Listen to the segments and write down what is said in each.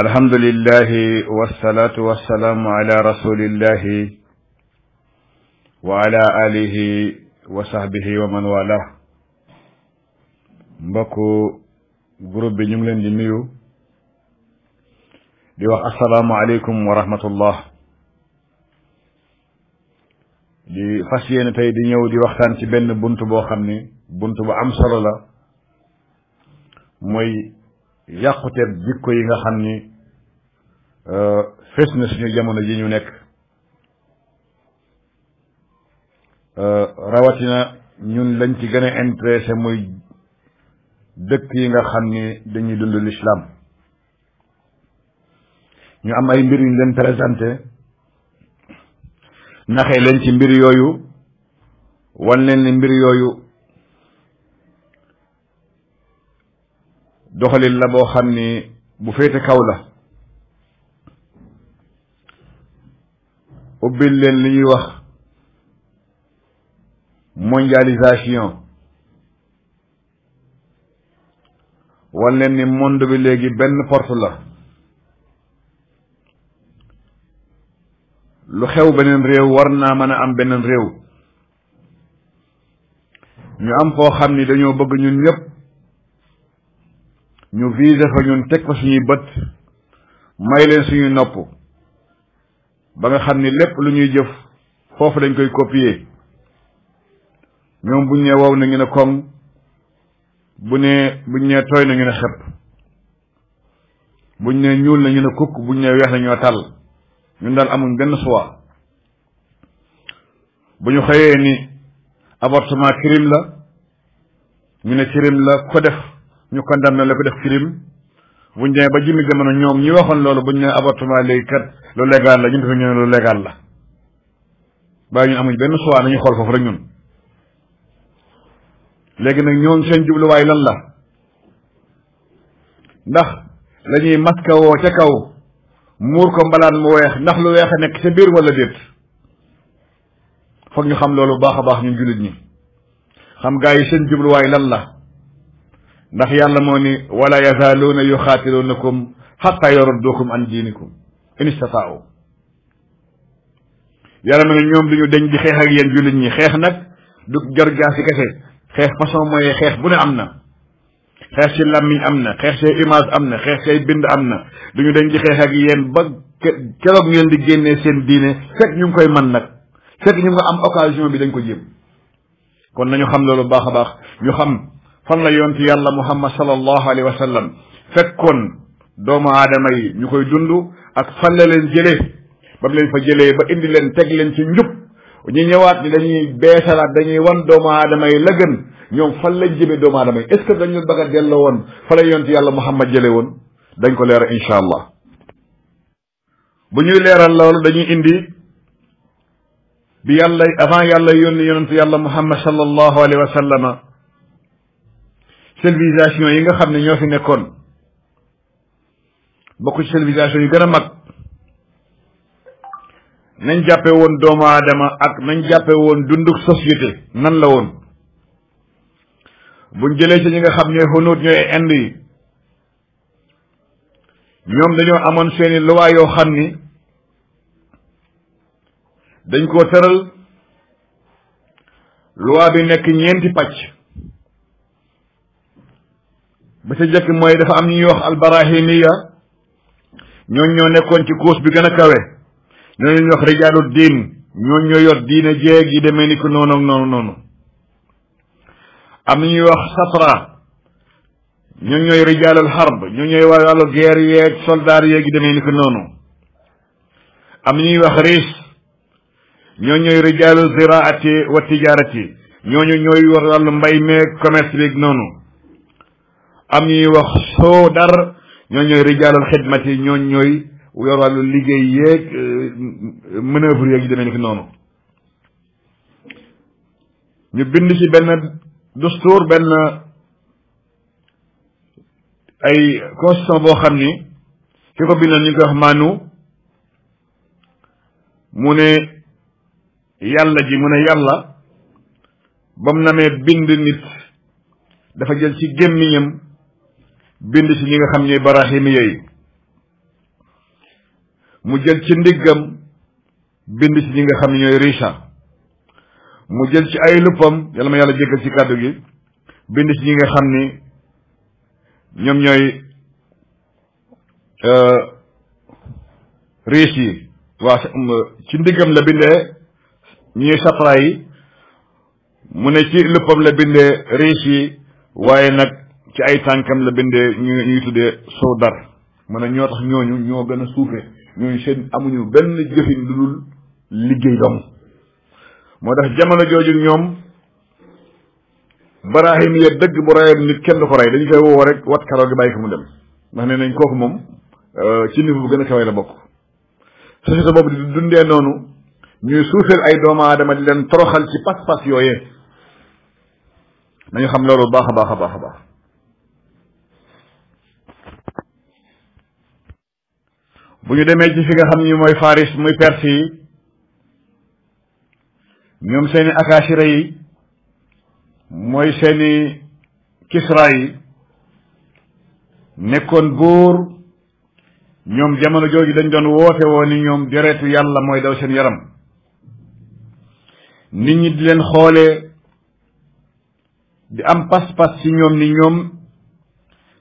الحمد لله والصلاة والسلام على رسول الله وعلى آله وصحبه ومن والاه مبكو جروب بن يملن دي السلام عليكم ورحمة الله دي فاسيين تاي دي نيو دي وقتان تي بن بنت بو خمني بنت بو أمسر لا موي يقتب بكو يغا خمني Euh, fes na suñu jamono ji ñu nekk euh, rawatina ñun lañ ci gën a intéressé muy dëkk yi nga xam ni dañuy dund l'islam ñu am ay mbir yu ñu leen présenté naxee leen ci mbir yooyu wan leen mbir yooyu doxalin la boo xam ni bu féete kaw la ubbil leen li ñuy wax mondialisation wan leen ni monde bi léegi benn porte la lu xew beneen réew war naa mën a am beneen réew ñu am foo xam ni dañoo bëgg ñun ñëpp ñu viser fa ñun teg fa suñuy bët may leen suñuy nopp ba nga xam ni lépp lu ñuy jëf foofu dañ koy copier ñoom buñ ne wow na ñu ne koŋ bu ne buñ ne tooy na ngeen a xepp buñ nee ñuul na ñu ne kukk buñ ne weex na ñoo tàll ñun daal amuñ genn choix bu ñu xëyee ni avortement crime la ñu ne crime la ko def ñu na la ko def crime bu buñ demee ba jëmmi jamono ñoom ñi waxoon loolu buñ ne avortement léegi kat lu légal la ñun dafa ñu ne lu légal la bàyyi ñun amuñ benn choix nañu xool foofu rek ñun léegi nag ñoom seen jubluwaay lan la ndax la ñuy maska woo ca kaw muur ko mbalaan mu weex ndax lu weex a nekk ca biir wala déet foog ñu xam loolu baax a baax ñun jullit ñi xam gaa yi seen jubluwaay lan la ndax yàlla moo ni wala yazaaluuna yuxaatiluunakum xatta yaruddukum an diinikum in istataau yàlla na ñoom du ñu deñ di xeex ak yéen jullit ñi xeex nag du gargaas yi kese xeex façon mooy xeex bu ne am na xeex ci làmmiñ am na xeex say image am na xeex say bind am na du ñu deñ di xeex ak yéen ba keroog ngeen di génne seen diine fekk ñu ngi koy man nag fekk ñu nga am occasion bi dañ ko jéem kon nañu xam loolu baax a baax ñu xam fan la yonti yàlla muhammad sallallahu alayhi wa sallam fekkoon doomu aadama yi ñu koy dund ak fan la leen jëlee ba mu leen fa jëlee ba indi leen teg leen ci njub ñu ñëwaat ñi dañuy beesalaat dañuy wan doomu aadama yi la ñoom fan lañ jëmee doomu aadama yi est ce que dañu bëgg a woon fa la yonti yàlla muhammad jële woon dañ ko leeral incha allah bu ñuy leeral loolu dañuy indi bi yàlla avant yàlla yónni yonentu yàlla muhammad sallallahu alayhi wa civilisation yi nga xam ne ñoo fi nekkoon bokk ci civilisation yu gën a mag nañ jàppe woon doomu aadama ak nañ jàppe woon dunduk société nan la woon bu jëlee ci ñi nga xam ñooy xunóot ñooy ind yi ñoom dañoo amoon seeni luwaa yoo xam ni dañ koo tëral luwaa bi nekk ñeenti pàcc ba ca njëkk mooy dafa am ñuy wax albarahimiya ñooñ ñoo nekkoon ci couche bi gën a kawe ñoo ñuy wax rijaalu diin ñooñ ñoo yor diine jeeg yi demee ni ko noonu ak noonu am ñuy wax safra ñooñ ñooy rijaalul harb ñoo ñooy waa wàllu guerre yeeg soldaar yee gi demee ni ko noonu am ñuy wax riis ñoo ñooy rijaalu ziraati wa tijaarati ñooñu ñooy wax wàllu mbay meeg commerce beeg noonu am ñuy wax soo dar ñoo ñooy rijaalul xidmat yi ñoo ñooy yor wàllu liggéey yeeg euh, manœuvre yeeg yi demee ni ki noonu ñu bind ci benn dustuur benn ay constitution boo xam ni ki ko bindoon ñu koy wax maanu mu ne yàlla ji mu ne yàlla ba mu namee bind nit dafa jël ci gémmiñam bind ci ñi nga xam ñooy barahim yooyu mu jël ci ndiggam bind ci ñi nga xam ne ñooy richa mu jël ci ay luppam yàlla ma yàlla jéggal ci kàddu gi bind ci ñi nga xam ni ñoom ñooy euh, riis yi waa ci ndiggam la bindee ñuy safara yi mu ne ci luppam la bindee riche yi waaye nag ci ay tànkam la bindé ñu ñuy tuddé sawdar mu ne ñoo tax ñooñu ñoo gëna soufé suufe seen amuñu benn jëfin dulul liggéey dom mo tax jamono joju ñom ibrahim ye dëgg bu rayam nit kenn ko ray dañ fay wo rek wat karaw gi bayiko mu dem ndax né nañ koku mom euh ci niveau bu gëna xaway kawee la bokk société bobu di dundé nonu ñuy suufeel ay doomu aadama di leen toroxal ci pass pass yooyee nañu xam loolu baax baaxa baaxa a baax bu ñu demee ci fi nga xam ni mooy faris mooy perse yi ñoom seeni akasira yi mooy seeni kisra yi nekkoon buur ñoom jamono jooju dañ doon woote woon ni ñoom deretu yàlla mooy daw seen yaram nit ñi di leen xoolee di am pas-pas ci ñoom ni ñoom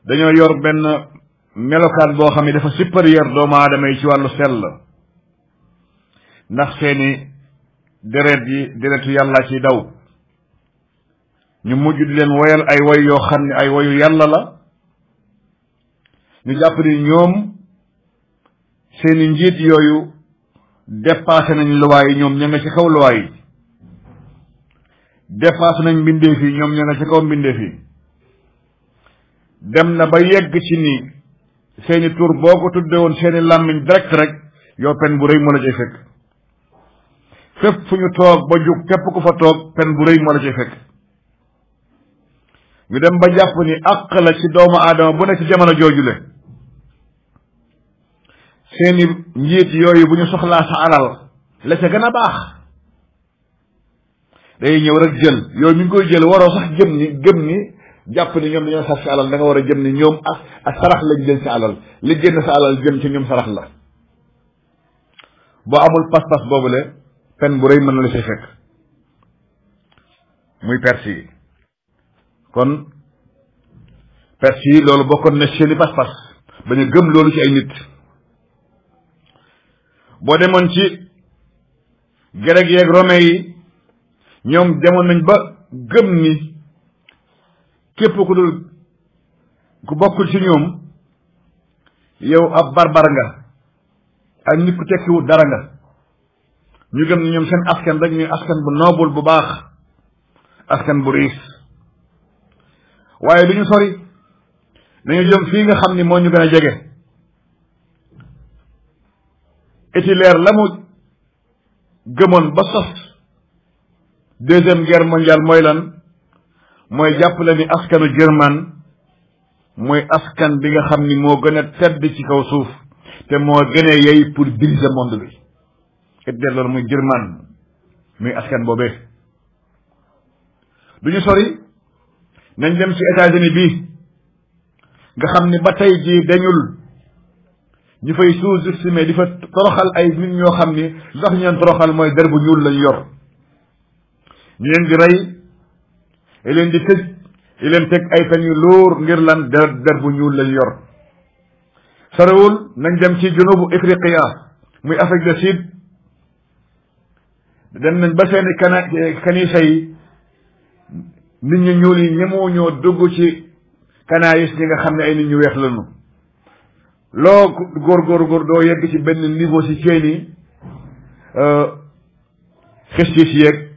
dañoo yor benn melokaan boo xam ne dafa supérieur doomu aadama yi ci wàllu sell ndax seeni deret yi deretu yàlla ci daw ñu mujj di leen woyal ay woy yoo xam ne ay woyu yàlla la ñu jàpp ni ñoom seeni njiit yooyu dépassé nañ luwaa yi ñoom ña ci kaw luwaa yi dépassé nañ mbindeef yi ñoom ña nga ci kaw mbindeef yi dem na ba yegg ci ni seeni tuur boo ko tuddee woon seeni làmmiñ direct rek yow pen bu rëy moo la cay fekk fépp fu ñu toog ba jug képp ku fa toog pen bu rëy moo la cay fekk ñu dem ba jàpp ni àq la ci doomu aadama bu ne ci jamono joojule seeni njiit yi bu ñu soxlaa sa alal la ca gën a baax day ñëw rek jël yow mi ngi koy jël waroo sax gëm ni jàpp ni ñoom dañoo sax sa alal da nga war a jëm ni ñoom ak ak sarax lañ jël sa alal li génn jëm ci ñoom sarax la boo amul pas-pas boobule pen bu rëy mën na la si fekk muy perse yi kon perse yi loolu bokkoon na seeni pas-pas bañ a gëm loolu ci ay nit boo demoon ci grec yeeg romain yi ñoom demoon nañ ba gëm ni képp ku dul ku bokkul ci ñoom yow ab barbar nga ak nit ku tekkiwut dara nga ñu gëm ne ñoom seen askan rek ñu askan bu noobul bu baax askan bu riis waaye du ñu sori dañu jëm fii nga xam ni moo ñu gën a jege Hitler la mu gëmoon ba sos deuxième guerre mondiale mooy lan mooy jàppale ni askanu german mooy askan bi nga xam ni moo gën a tedd ci kaw suuf te moo gën a yey pour diriger monde bi et der loolu muy german muy askan boobee du ñu sori nañ dem ci États-Unis bi nga xam ni ba tey ji dañul ñu fay sous-estimé di fa toroxal ay nit ñoo xam ni sax ñeen toroxal mooy der bu ñuul lañ yor ñu leen di rey i leen di tëj ay pen yu lóor ngir lan der ñuul lañ yor sorewul nañ dem ci junubu Ifriqiya muy Afrique du Sud dem nañ ba seeni kana kanisa yi nit ñu ñuul yi ñemoo ñoo dugg ci kanaayis ñi nga xam ne ay nit ñu weex lañu loo góor góor góor doo yegg ci benn niveau ci seeni euh, xis-xis yeeg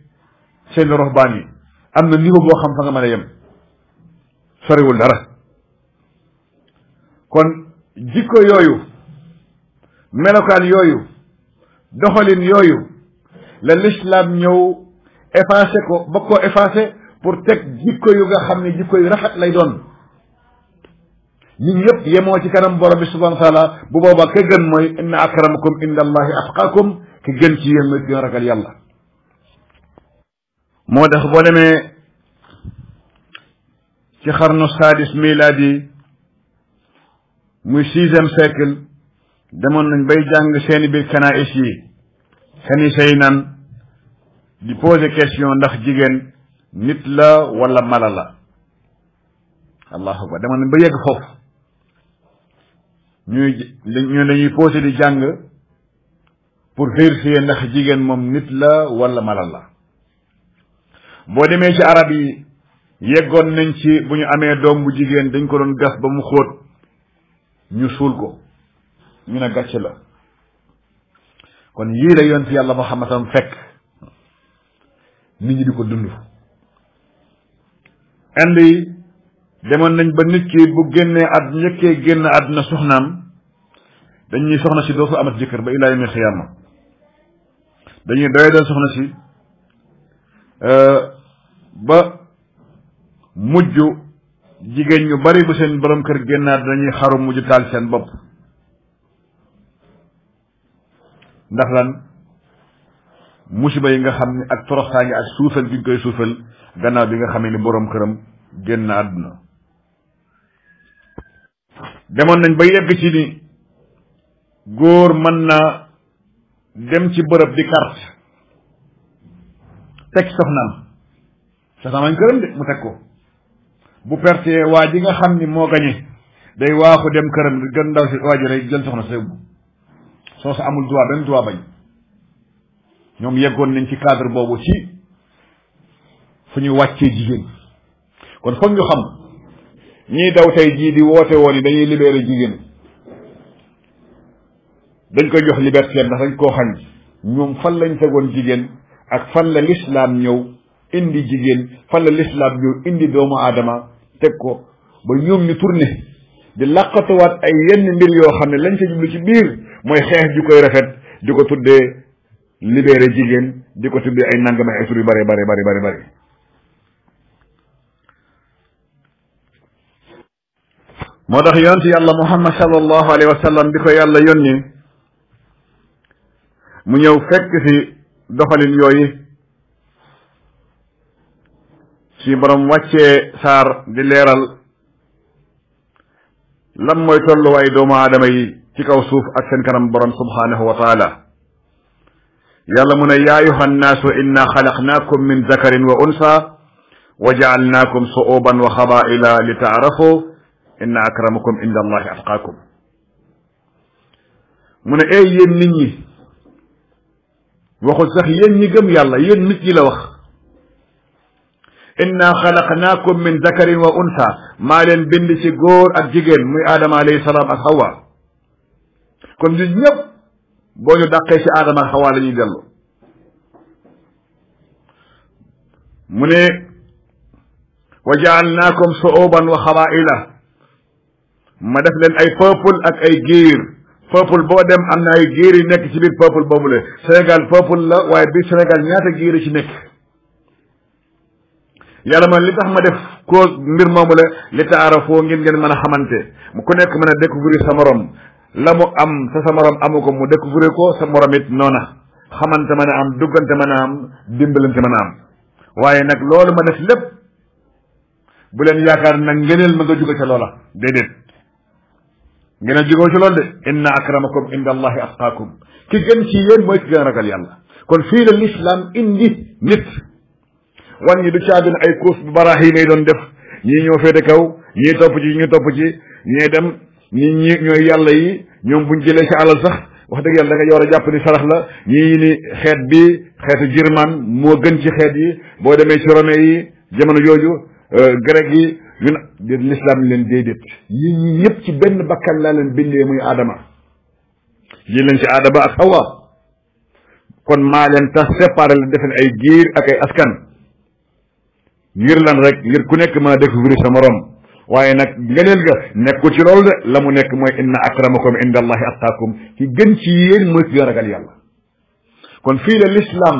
seeni roxbaan yi am na niveau boo xam fa nga mën a yem soriwul dara kon jikko yooyu melokaan yooyu doxalin yooyu la lislaam ñëw effacé ko ba koo effacé pour teg jikko yu nga ni ne jikko yu rafet lay doon ñun yëpp yemoo ci kanam borom bi subhanahu wa taala bu boobaa ka gën mooy inna akramakum inda allahi atqaakum ki gën ci yéen mooy ki ragal yàlla moo tax boo demee ci xarnu saadis milaadi muy sixième siècle demoon nañ bay jàng seeni biir kanaïs yi kanisa yi nan di poser question ndax jigéen nit la walla mala la allahu akbar demoon nañ ba yegg foofu ñuy ñu dañuy poser di jàng pour vérifier ndax jigéen moom nit la walla mala la boo demee ci arab yi yeggoon nañ ci bu ñu amee doom bu jigéen dañ ko doon gas ba mu xóot ñu suul ko ñu ne gàcce la kon yii la yoon ci yàlla Muhammad sam fekk nit ñi di ko dund ind demoon nañ ba nit ki bu génnee at njëkkee génn àdduna soxnaam dañuy soxna si doo fa amat jëkkër ba ilaa yawmil xiyaama dañuy doyee soxna si Euh, ba mujj jigéen ñu bari bu seen boroom kër génnaat dañuy xaru mujj taal seen bopp ndax lan musiba yi nga xam ne ak toroxtaange ak suufal gi ñu koy suufal gannaaw bi nga xamee ni boroom këram génn àdduna demoon nañ ba yegg ci ni góor mën naa dem ci bërëb di carte teg soxnaam soxnaam këram de mu teg ko bu pertee waa ji nga xam ni moo gañe day waaxu dem këram gën ndaw si waa ji rek jël soxna sa yóbbu soo sa amul droit benn droit bañ ñoom yeggoon nañ ci cadre boobu si fu ñu wàccee jigéen kon foog ñu xam ñiy daw tey jii di woote woon yi dañuy libéré jigéen dañ koy jox liberté ndax dañ koo xañ ñoom fan lañ tegoon jigéen ak fan la lislaam ñëw indi jigéen fan la lislaam ñëw indi doomu aadama teg ko ba ñoom ñu tourné di làqatuwaat ay yenn mbir yoo xam ne lañ sa jublu ci biir mooy xeex ju koy rafet di ko tuddee libéré jigéen di ko tuddee ay nangam ay tur yu bari bari bari bari bari moo tax yonent yàlla muhammad sallallahu alayhi wa sallam bi ko yàlla yónni mu ñëw fekk si doxalin yooyu suñu borom wàccee saar di leeral lan mooy tolluwaay doomu aadama yi ci kaw suuf ak seen kanam borom subhanahu wa taala yàlla mu ne yaa ayuha annaasu inna xalaqnaakum min zakarin wa unsa wa jaalnaakum suuban wa xabaila li taarafu inna akramakum inda allahi atqaakum mu ne ey yéen nit ñi waxul sax yéen ñi gëm yàlla yéen nit ñi la wax inna xalaqnaakum min dakarin wa unsa maa leen bind ci góor ak jigéen muy aadama alayhi salaam ak hawa kon ñun ñëpp boo ñu dàqee ci aadama ak hawa la ñuy dellu mu ne wa jaalnaakum suuban wa xabaila ma def leen ay peuple ak ay giir peuple boo dem am na ay géer yu nekk ci biir peuple boobule Sénégal peuple la waaye biir Sénégal ñaata géer ci nekk yàlla li tax ma def ko mbir moomu la li taarafoo ngeen ngeen mën a xamante mu ku nekk mën a découvrir sa morom la mu am sa sa morom amu ko mu découvrir ko sa moromit it noona xamante mën a am duggante mën a am dimbalante mën a am waaye nag loolu ma def lépp bu leen yaakaar nag ngeneel ma nga jóge ca loola déedéet ngeen a jigoo ci loolu de inna akramakum inda allahi atqaakum ki gën ci yéen mooy ki gën ragal yàlla kon fii la l'islam indi nit wan ñi du caagin ay course bu baraax yi may doon def ñii ñoo féete kaw ñii topp ci ñu topp ci ñee dem ñi ñi ñooy yàlla yi ñoom buñ jëlee ci alal sax wax dëgg yàlla da nga a jàpp ni sarax la ñii ni xeet bi xeetu jirman moo gën ci xeet yi boo demee ci rome yi jamono jooju euh, grec yi yu ne l'islam leen déedéet yi ñi yépp ci benn bakkan laa leen bindee muy aadama yi leen ci aadama ak hawa kon maa leen tax séparé la defeen ay giir ak ay askan ngir lan rek ngir ku nekk mën a découvrir sa morom waaye nag ngeneel ga nekku ci loolu de la mu nekk mooy inna akramakum inda allahi atqaakum ki gën ci yéen mooy ki ragal yàlla kon fii la l'islam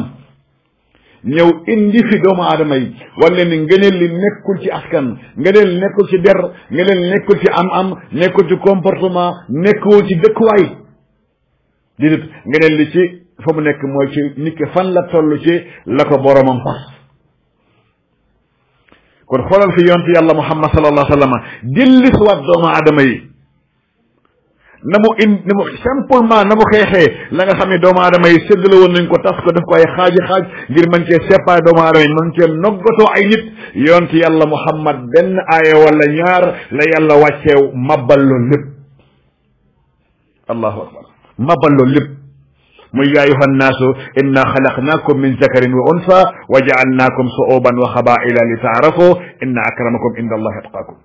ñëw indi fi doomu aadama yi wala ni ngëneel li nekkul ci askan ngëneel li nekkul ci der ngëneel li nekkul ci am-am nekkul ci comportement nekkul ci dëkkuwaay déedéet ngëneel li ci fa mu nekk mooy ci nit ki fan la toll ci la ko boromam fas kon xoolal fi yontu yàlla muhammad sallallahu alayhi wa sallam dilli suwaat doomu aadama yi na mu in na mu simplement na mu xeexee la nga xam ne doomu aadama yi séddale woon nañ ko tas ko def ko ay xaaji xaaj ngir man cee séparé doomu aadama yi man cee noggatoo ay nit yonti yàlla muhammad benn aaya wala ñaar la yàlla wàccee mabal loolu lépp allahu akbar mabal loolu lépp muy yaa ayuha nnaasu inna xalaqnaakum min zakarin wa unsa wa jaalnaakum suuban wa xabaila li taarafu inna akramakum inda allahi atqaakum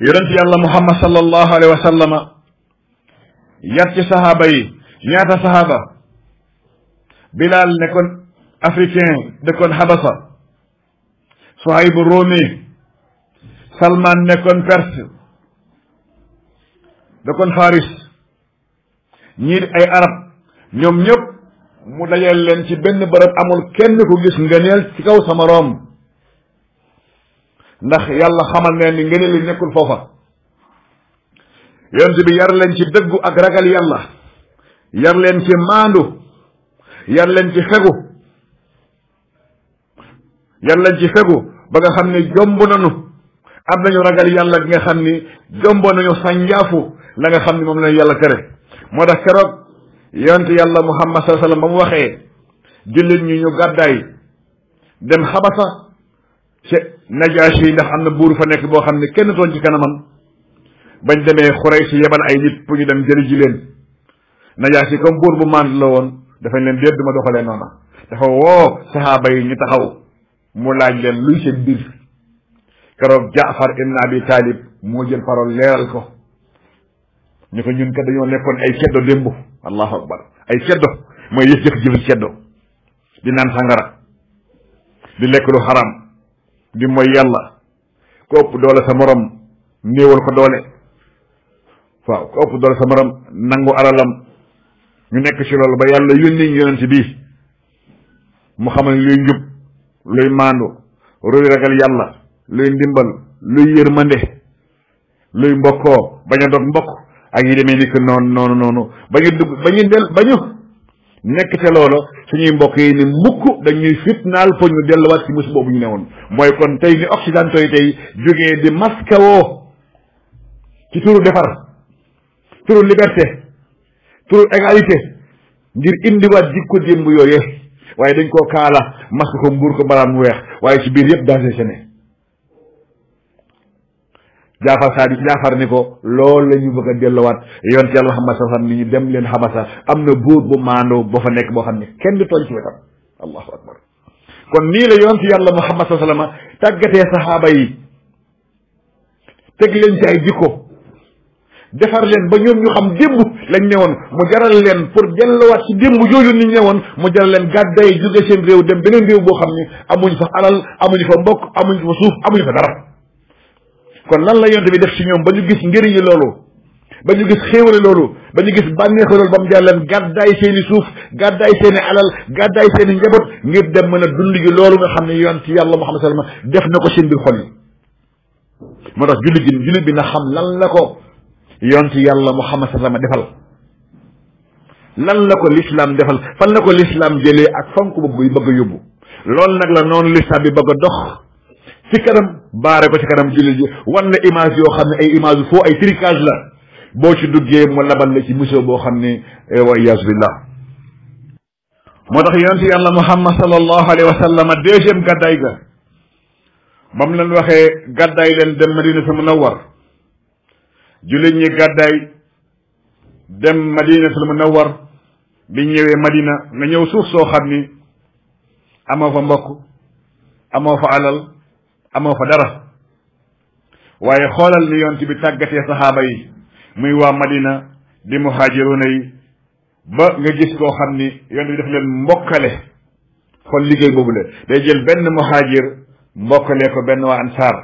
يرنت الله محمد صلى الله عليه وسلم ياتي صحابي يي نياتا صحابه بلال نكون افريكان نكون حبسه صهيب الرومي سلمان نكون فارس نكون فارس نير اي عرب نيوم نيوب مو دايال لين سي بن برب امول كين كو غيس نغنيل سي كاو سما ndax yàlla xamal neen ni ngeen li nekkul foofa yonent bi yar leen ci dëggu ak ragal yàlla yar leen ci maandu yar leen ci fegu yar leen ci fegu ba nga xam ni jomb nañu am nañu ragal yàlla bi nga xam ni jomb nañu sànjaafu la nga xam ni moom lañu yàlla tere moo tax keroog yonent yàlla muhammad sallallahu alayhi ba mu waxee jullit ñi ñu gàddaay dem xabasa ci najashi ndax amna buru fa nek bo xamne kenn ton ci kanamam bañ demé xuraysi yebal ay nit pour ñu dem jëli ji leen najashi comme bur bu mànd la won dafañ leen déet duma doxalee noona dafa wo sahaba yi ñu taxaw mu laaj leen luy seen bir kéro jaafar ibn abi talib mo jël parole leral ko ñu ko ñun ka dañu nekkon ay ceddo dembu allahu akbar ay ceddo moy yeuf jëf jëf ceddo di nan sangara di lekk lu xaram di mooy yàlla ku ëpp doole sa morom néewal ko doole waaw ku ëpp doole sa morom nangu alalam ñu nekk ci loolu ba yàlla yónni ñu ci bi mu xamal luy njub luy maandu luy ragal yàlla luy ndimbal luy yërmande luy mbokkoo bañ a mbokk ak yi demee ni que noonu noonu bañu dugg bañu del bañu nekk te loolu ñuy mbokk yi ni mukk dañuy fitnaal pour ñu delluwaat ci mus boobu ñu ne woon mooy kon tey ni occidentaux yi tey jógee di maskawoo ci turu defar turu liberté turu égalité ngir indiwaat jikko démb yooyee waaye dañ koo kaala mask ko mbuur ko mbalaan mu weex waaye ci biir yëpp dansé sene jaafar saadi jaafar ni ko loolu la ñu bëgg a dellowaat yonent yàlla Muhammad sallallahu alayhi wa sallam ni ñu dem leen xabasa am na buur bu maandoo ba fa nekk boo xam ne kenn du tooñ ci wetam allahu akbar kon nii la yonent yàlla Muhammad sallallahu alayhi wa sallam tàggatee saxaaba yi teg leen ci ay jikko defar leen ba ñoom ñu xam démb lañ newoon mu jaral leen pour delluwaat ci démb jooju ni ñu newoon mu jaral leen gàdday jóge seen réew dem beneen réew boo xam ne amuñ fa alal amuñ fa mbokk amuñ fa suuf dara kon lan la yonte bi def si ñoom ba ñu gis njëriñi loolu ba ñu gis xéewale loolu ba ñu gis bànneexu loolu ba mu jàlleen gàddaay seeni suuf gàddaay seeni alal gàddaay seeni njaboot ngir dem mën a dund gi loolu nga xam ne yonte yàlla Muhammad sallallahu alayhi wasallam def na ko seen biir xol yi moo tax jullit ji jullit bi na xam lan la ko yonte yàlla Muhammad sallallahu alayhi wasallam defal lan la ko lislaam defal fan la ko lislaam jëlee ak fan ko bëgg bëgg a yóbbu loolu nag la noonu lislaam bi bëgg a dox ci kanam baare ko ci kanam jullit yi wan na image yoo xam ne ay image foo ay tricage la boo ci duggee mu labal ci musoo boo xam ne eh, wa iyaasu billah moo tax yonente yàlla muhammad sallallahu alayhi wa sallam deuxième gàddaay ga ba mu leen waxee gàddaay leen dem madinatul munawwar jullit ñi gàddaay dem madinatul munawwar bi ñëwee madina nga ñëw suuf soo xam ni amoo fa mbokk amoo fa alal amoo fa dara waaye xoolal ni yonent bi tàggatee saxaaba yi muy waa madina di muhaajiruuna ba nga gis koo xam ni yonent bi daf leen mbokkale xool liggéey boobu la day jël benn muhaajir mbokkalee ko benn waa ansaar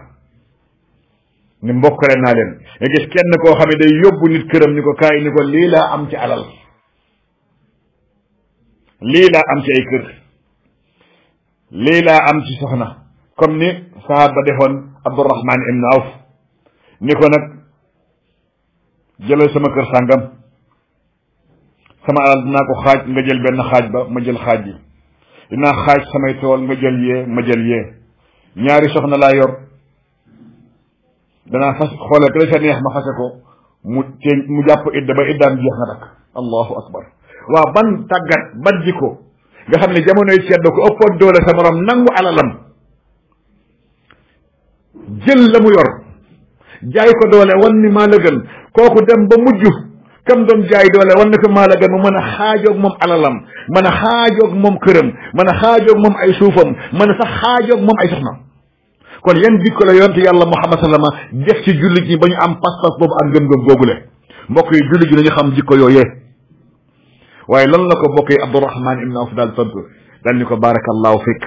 ni mbokkale naa leen nga gis kenn koo xam ne day yóbbu nit këram ni ko kaay ni ko lii laa am ci alal lii laa ay kër lii laa am ci soxna comme ni sahaab ba defoon abdourahman ibn awf ni ko nag jëlal sama kër sàngam sama alal dinaa ko xaaj nga jël benn xaaj ba ma jël xaaj yi dinaa xaaj samay tool nga jël yee ma jël yee ñaari soxna laa yor danaa fas xoole ka la sa neex ma fase ko mu te mu jàpp idda ba iddaam na takk allahu akbar waaw ban tàggat ban jikko nga xam ne jamonoy sedd ko ëppoon doole sa morom nangu alalam jël la mu yor jaay ko doole wan ni maa la gën kooku dem ba mujj kam doon jaay doole wan na ko maa la gën mu mën a xaajoog moom alalam mën a xaajoog moom këram mën a xaajoog moom ay suufam mën a sax xaajoog moom ay soxna kon yan dikko la yonte yàlla muhammad sallama def ci jullit ñi ba ñu am pas-pas boobu ak gëm-gëm googule mbokk yi jullit ñi nañu xam jikko yooyee waaye lan la ko mbokk yi abdourahman ibne awf daal tontu daal ni ko barakallahu fik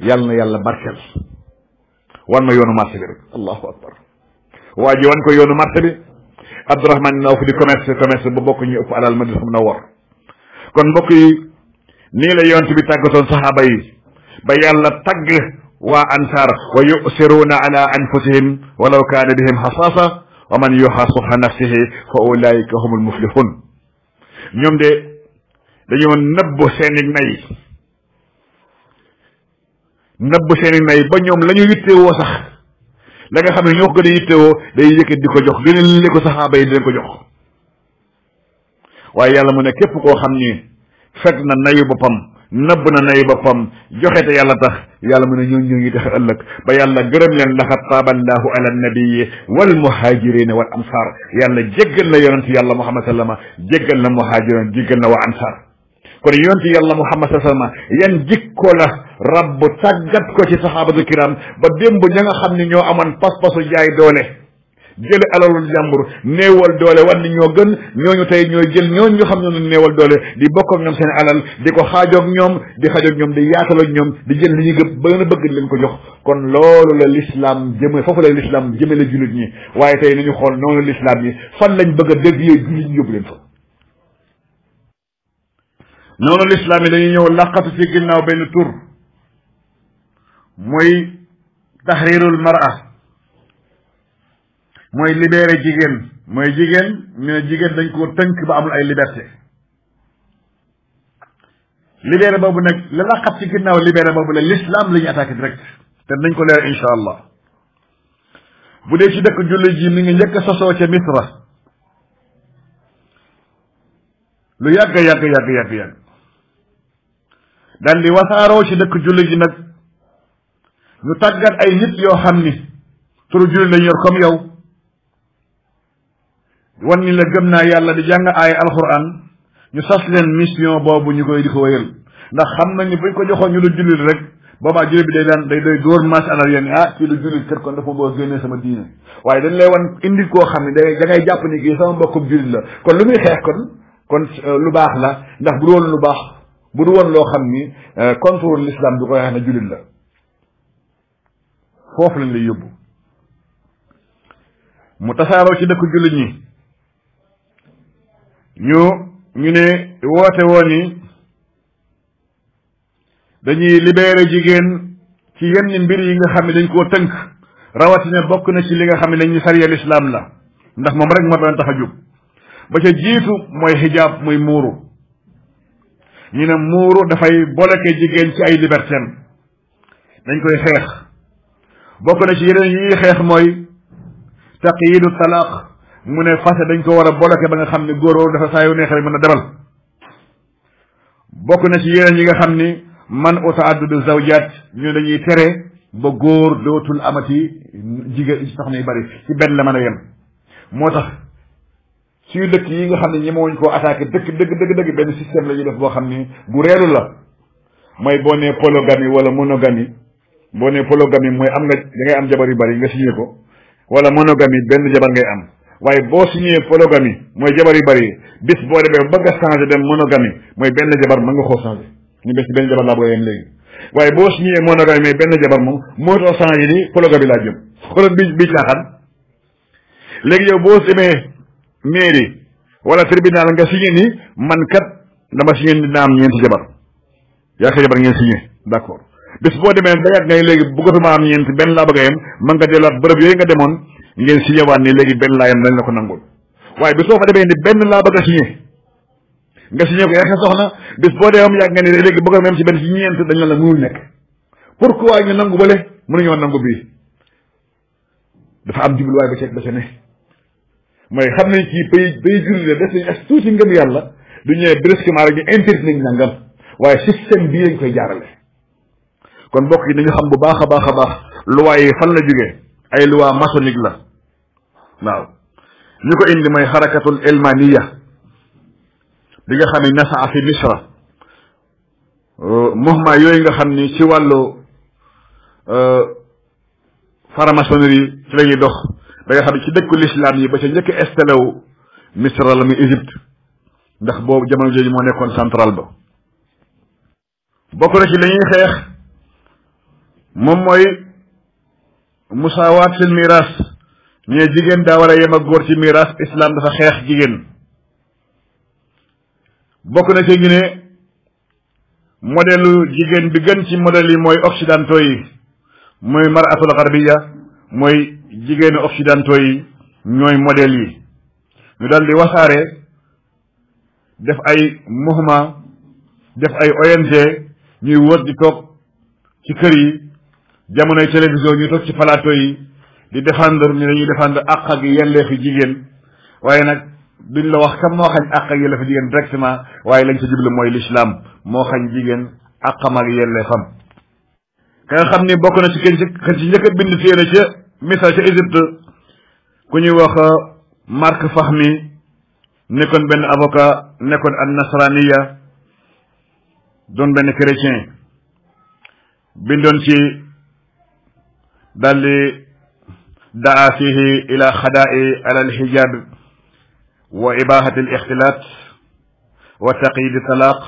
yàlla na yàlla barkel وان ما يونو مارشي الله اكبر واجي وان كو يونو مارشي عبد الرحمن نوف دي كوميرس كوميرس بو بوك ني اوف علال مدرسه منور كون بوكي ني لا يونت بي تاغوتون صحابه يي با يالا تاغ وا انصار ويؤثرون على انفسهم ولو كان بهم حصاصه ومن يحاصح نفسه فاولئك هم المفلحون نيوم دي دا نبو سينك ناي nëbb seeni nay ba ñoom lañu ñu yittewoo sax la nga xam ne ñoo ko gën a yittewoo day yëkkat di ko jox gën a li ko saxaaba yi di leen ko jox waaye yàlla mu ne képp koo xam ni fekk na nayu boppam nëbb na nayu boppam joxe te yàlla tax yàlla mu ne ñoo ñoo ngi tax ëllëg ba yàlla gërëm leen laxat taaballahu ala nabii wal muhajirina wal ansar yàlla jéggal na yonent yàlla muhammad sallama jéggal na muhajirina jéggal na wa ansar kon yonti yàlla muhammad sallama yan jikko la rabb tàggat ko ci saxaabatu kiram ba démb ña nga xam ne ñoo aman pas-pasu jaay doole jële alalul jàmbur néewal doole wan ni ñoo gën ñoo ñu tey ñoo jël ñooñu ñoo xam ne ñoo néewal doole di bokk ak ñoom seen alal di ko xaajoog ñoom di xaajoog ñoom di yaatal ak ñoom di jël li ñu ba gën a bëgg di leen ko jox kon loolu la lislaam jëme foofu la lislaam jëme la jullit ñi waaye tey nañu xool noonu lislaam yi fan lañ bëgg a dévier jullit ñu yóbbu leen noonu lislaam yi dañuy ñëw làqatu ci ginnaaw benn tur muy tahrirul mara mooy libéré jigéen mooy jigéen ñu ne jigéen dañ ko tënk ba amul ay liberté libéré bu nag la làqat ci ginnaaw libéré boobu la l'islam la ñuy direct te nañ ko leer insha allah bu dee ci dëkk jullit ji mi ngi njëkk a sosoo ca misra lu yàgg yàgg yàgg yàgg dal di wasaaroo ci dëkk jullit yi nag ñu tàggat ay nit yoo xam ni turu jullit lañ yor comme yow wan ni la gëm naa yàlla di jàng aaya alquran ñu sas leen mission boobu ñu koy di ko wéyal ndax xam nañ ni buñ ko joxoon ñu du jullit rek boobaa jullit bi day daan day day dóor maas anal yéen ah ci du jullit kër kon dafa boo génnee sama diine waaye dañ lay wan indi koo xam ne da ngay jàpp ni kii sama mbokkum jullit la kon lu muy xeex kon euh, lu baax la ndax bu doon lu baax bu du woon loo xam ni euh, contrôle l'islam du ko wax ne jullit la foofu lañ lay yóbbu mu tasaaroo ci dëkk jullit ñi ñu ngi ne woote woon ni dañuy libéré jigéen ci yenn mbir yi nga xam ne dañ koo tënk rawatina bokk na ci li nga xam ne dañ sariya l'islam la ndax moom rek moo doon tax a jub ba ca jiitu mooy xijaab muy muuru ñu ne muuru dafay bloqué jigéen ci ay liberté am dañ koy xeex bokk na ci yeneen yi xeex mooy taqiyidu talaq mu ne fase dañ ko war a bloqué ba nga xam ne góor woowu dafa saa yu neex rek mën a demal bokk na ci yeneen yi nga xam ni man utaaddudu zawjaat ñu dañuy tere ba góor dootul amati jigéen soxna yu bari ci benn la mën a yem moo tax suñu dëkk yi nga xam ne ñemewuñ koo attaqué dëkk dëgg dëgg dëgg benn système la def boo xam ne bu reelu la mooy boo nee polygamie wala monogamie boo nee polygamie mooy am nga da ngay am jabar yu bari nga si signé ko wala monogamie benn jabar ngay am waaye boo signé polygamie mooy jabar yu bari bis boo demee bëgg a changé dem monogamie mooy benn jabar mën nga koo ñu bés a waaye boo signé monogamie mais benn jabar moom moo too changé ni polygamie laa jëm xoolal bi bi caaxaan léegi yow boo demee mairie wala tribunal nga signé ni man kat dama signé ni am ñeenti jabar yaakaar jabar ngeen signé d' accord bés boo demee ba yàgg ngay léegi bëggatuma am ñeenti benn laa bëgg a yem man nga delluwaat bërëb yooyu nga demoon ngeen signé waat ni benn laa yem dañ la ko nangul waaye bés boo fa demee ni benn laa bëgg a signé nga signé ko yaakaar soxna bés boo demee yàgg nga ni léegi bëgg a yem ci benn ci ñeent dañ la la mënul nekk pourquoi ñu nangu bële mënuñoo nangu bii dafa am jubluwaay ba ceeb ba ca ne mooy xam nañ kii pays pays jullit la def nañ as tuuti ngëm yàlla du ñëwee brusquement rek ñu interdit nañ nangam waaye système bii lañ koy jaarale kon mbokk yi dañu xam bu baax a baax a baax loi yi fan la jógee ay loi maçonnique la waaw ñu ko indi mooy xarakatul ilmaniya bi nga xam ne nasaa fi misra mouvement yooyu nga xam ni ci wàllu euh, faramaçonnerie ci la dox da xam ci dëkku lislaam yi ba ca njëkk installé wu misra la muy Égypte ndax boobu jamono jooju moo nekkoon central ba bokk na ci li xeex moom mooy musaawaat seen miraas ñee jigéen daa war a yem ak góor ci miraas islam dafa xeex jigéen bokk na ci ngi ne jigéen bi gën ci modèle yi mooy occidentaux yi mooy maratul garbiya mooy jigéenu occidentaux yi ñooy modèle yi ñu daal di wasaare def ay mouvement def ay ONG ñuy wër di toog ci kër yi jamonoy télévision ñuy toog ci plateau yi di défendre ñu dañuy défendre àq ak yelleefi jigéen waaye nag duñ la wax kam moo xañ àq ak yelleefi jigéen directement waaye lañ sa jublu mooy l'islam moo xañ jigéen àqam ak yelleefam ka nga xam ni bokk na ci kenn ci njëkk a bind téere ca message ci égypte ku ñuy wax marc fahmi nekkoon benn avocat nekkoon an nasraniya doon benn chrétien bindoon ci daldi daa fihi ila xadaai ala alxijab wa ibahati alixtilat wa taqyid talaq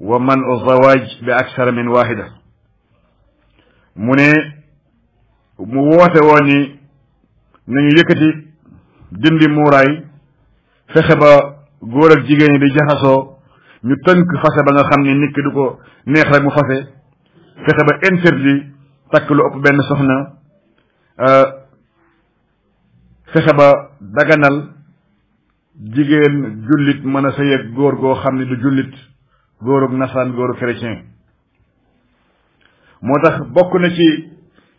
wa manu zawaj bi aksara min waxida mu ne mu woote woo ni nañu yëkkati dindi muuraay fexe ba góor ak jigéen ñi di jaxasoo ñu tënk fase ba nga xam ni nit du ko neex rek mu fase fexe ba interdit takk lu ëpp benn soxna euh, fexe ba daganal jigéen jullit mën a sëyeeg góor goo xam ne du jullit góorug nasaan góoru chrétien moo tax bokk na ci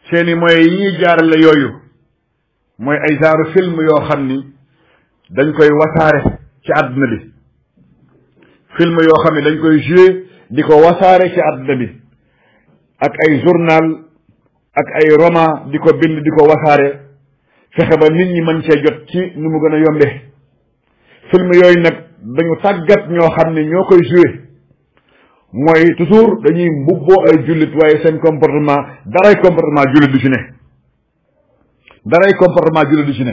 seeni moyens yi ñuy jaarale yooyu mooy ay genre film yoo xam ni dañ koy wasaare ci àdduna bi film yoo xam ne dañ koy joué di ko wasaare ci àdduna bi ak ay journal ak ay roma di ko bind di ko wasaare fexe ba nit ñi mën cee jot ci nu mu gën a yombe film yooyu nag dañu tàggat ñoo xam ne ñoo koy joué mooy toujours dañuy mbubboo ay jullit waaye seen comportement daray comportement jullit du ci ne daray comportement jullit du ci ne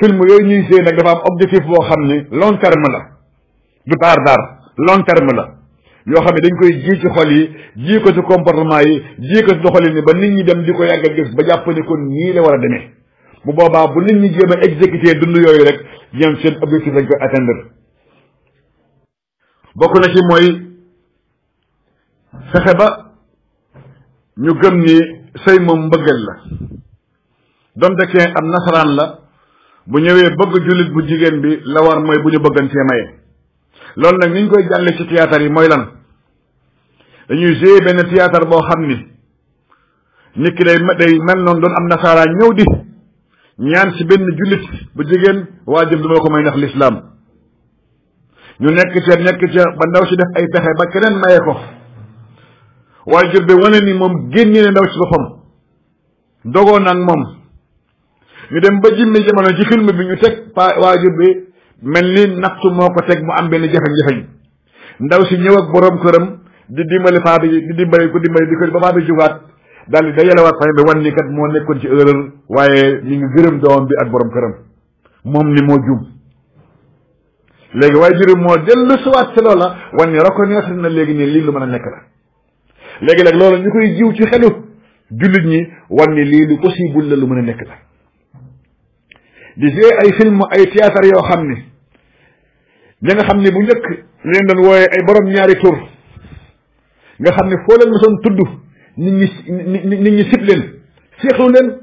film yooyu ñuy séen nag dafa am objectif boo xam ni long terme la du daar daar long terme la yoo xam ne dañ koy ji ci xol yi ji ko ci comportement yi ji ko ci doxalin ni ba nit ñi dem di ko yàgg a gis ba jàpp ne kon nii la war a demee bu boobaa bu nit ñi jéem a exécuter dund yooyu rek ñoom seen objectif lañ koy atteindre bokk na ci mooy fexe ba ñu gëm ni sëy moom mbëggeel la donte kee am nasaraan la bu ñëwee bëgg jullit bu jigéen bi la war mooy bu ñu bëggantee maye loolu nag ni koy jàlle ci théâtre yi mooy lan dañuy jouer benn théâtre boo xam ni nit ki day day mel noonu doon am nasaraan ñëw di ñaan ci benn jullit bu jigéen waajib du ma ko may ndax lislaam ñu nekk ca nekk ca ba ndaw si def ay pexe ba keneen maye ko waajur bi wane ni moom génne na ndaw si boppam dogoon ak moom ñu dem ba jimmi jamono ci film bi ñu teg pa waajur bi mel ni nattu moo ko teg mu am benn jafe-jafe ndaw si ñëw ak boroom këram di dimbali paa bi di dimbali ko dimbali di ko ba paa bi jugaat daal di dajalewaat famille bi wan moo nekkoon ci erreur waaye ñu ngi gërëm doomam bi ak boroom këram moom ni moo juum léegi waajuram moo dellu suwaat si loola wan ni reconnaître na léegi ne lii lu mën a nekk la léegi nag loolu ñu koy jiw ci xelu jullit ñi wan ni lii lu possible la lu mën a nekk la di jouer ay film ay théâtre yoo xam ni ña nga xam ni bu njëkk leen doon wooye ay borom ñaari tur nga xam ni foo leen mosoon tudd nit ñi nit ñi sib leen seexlu leen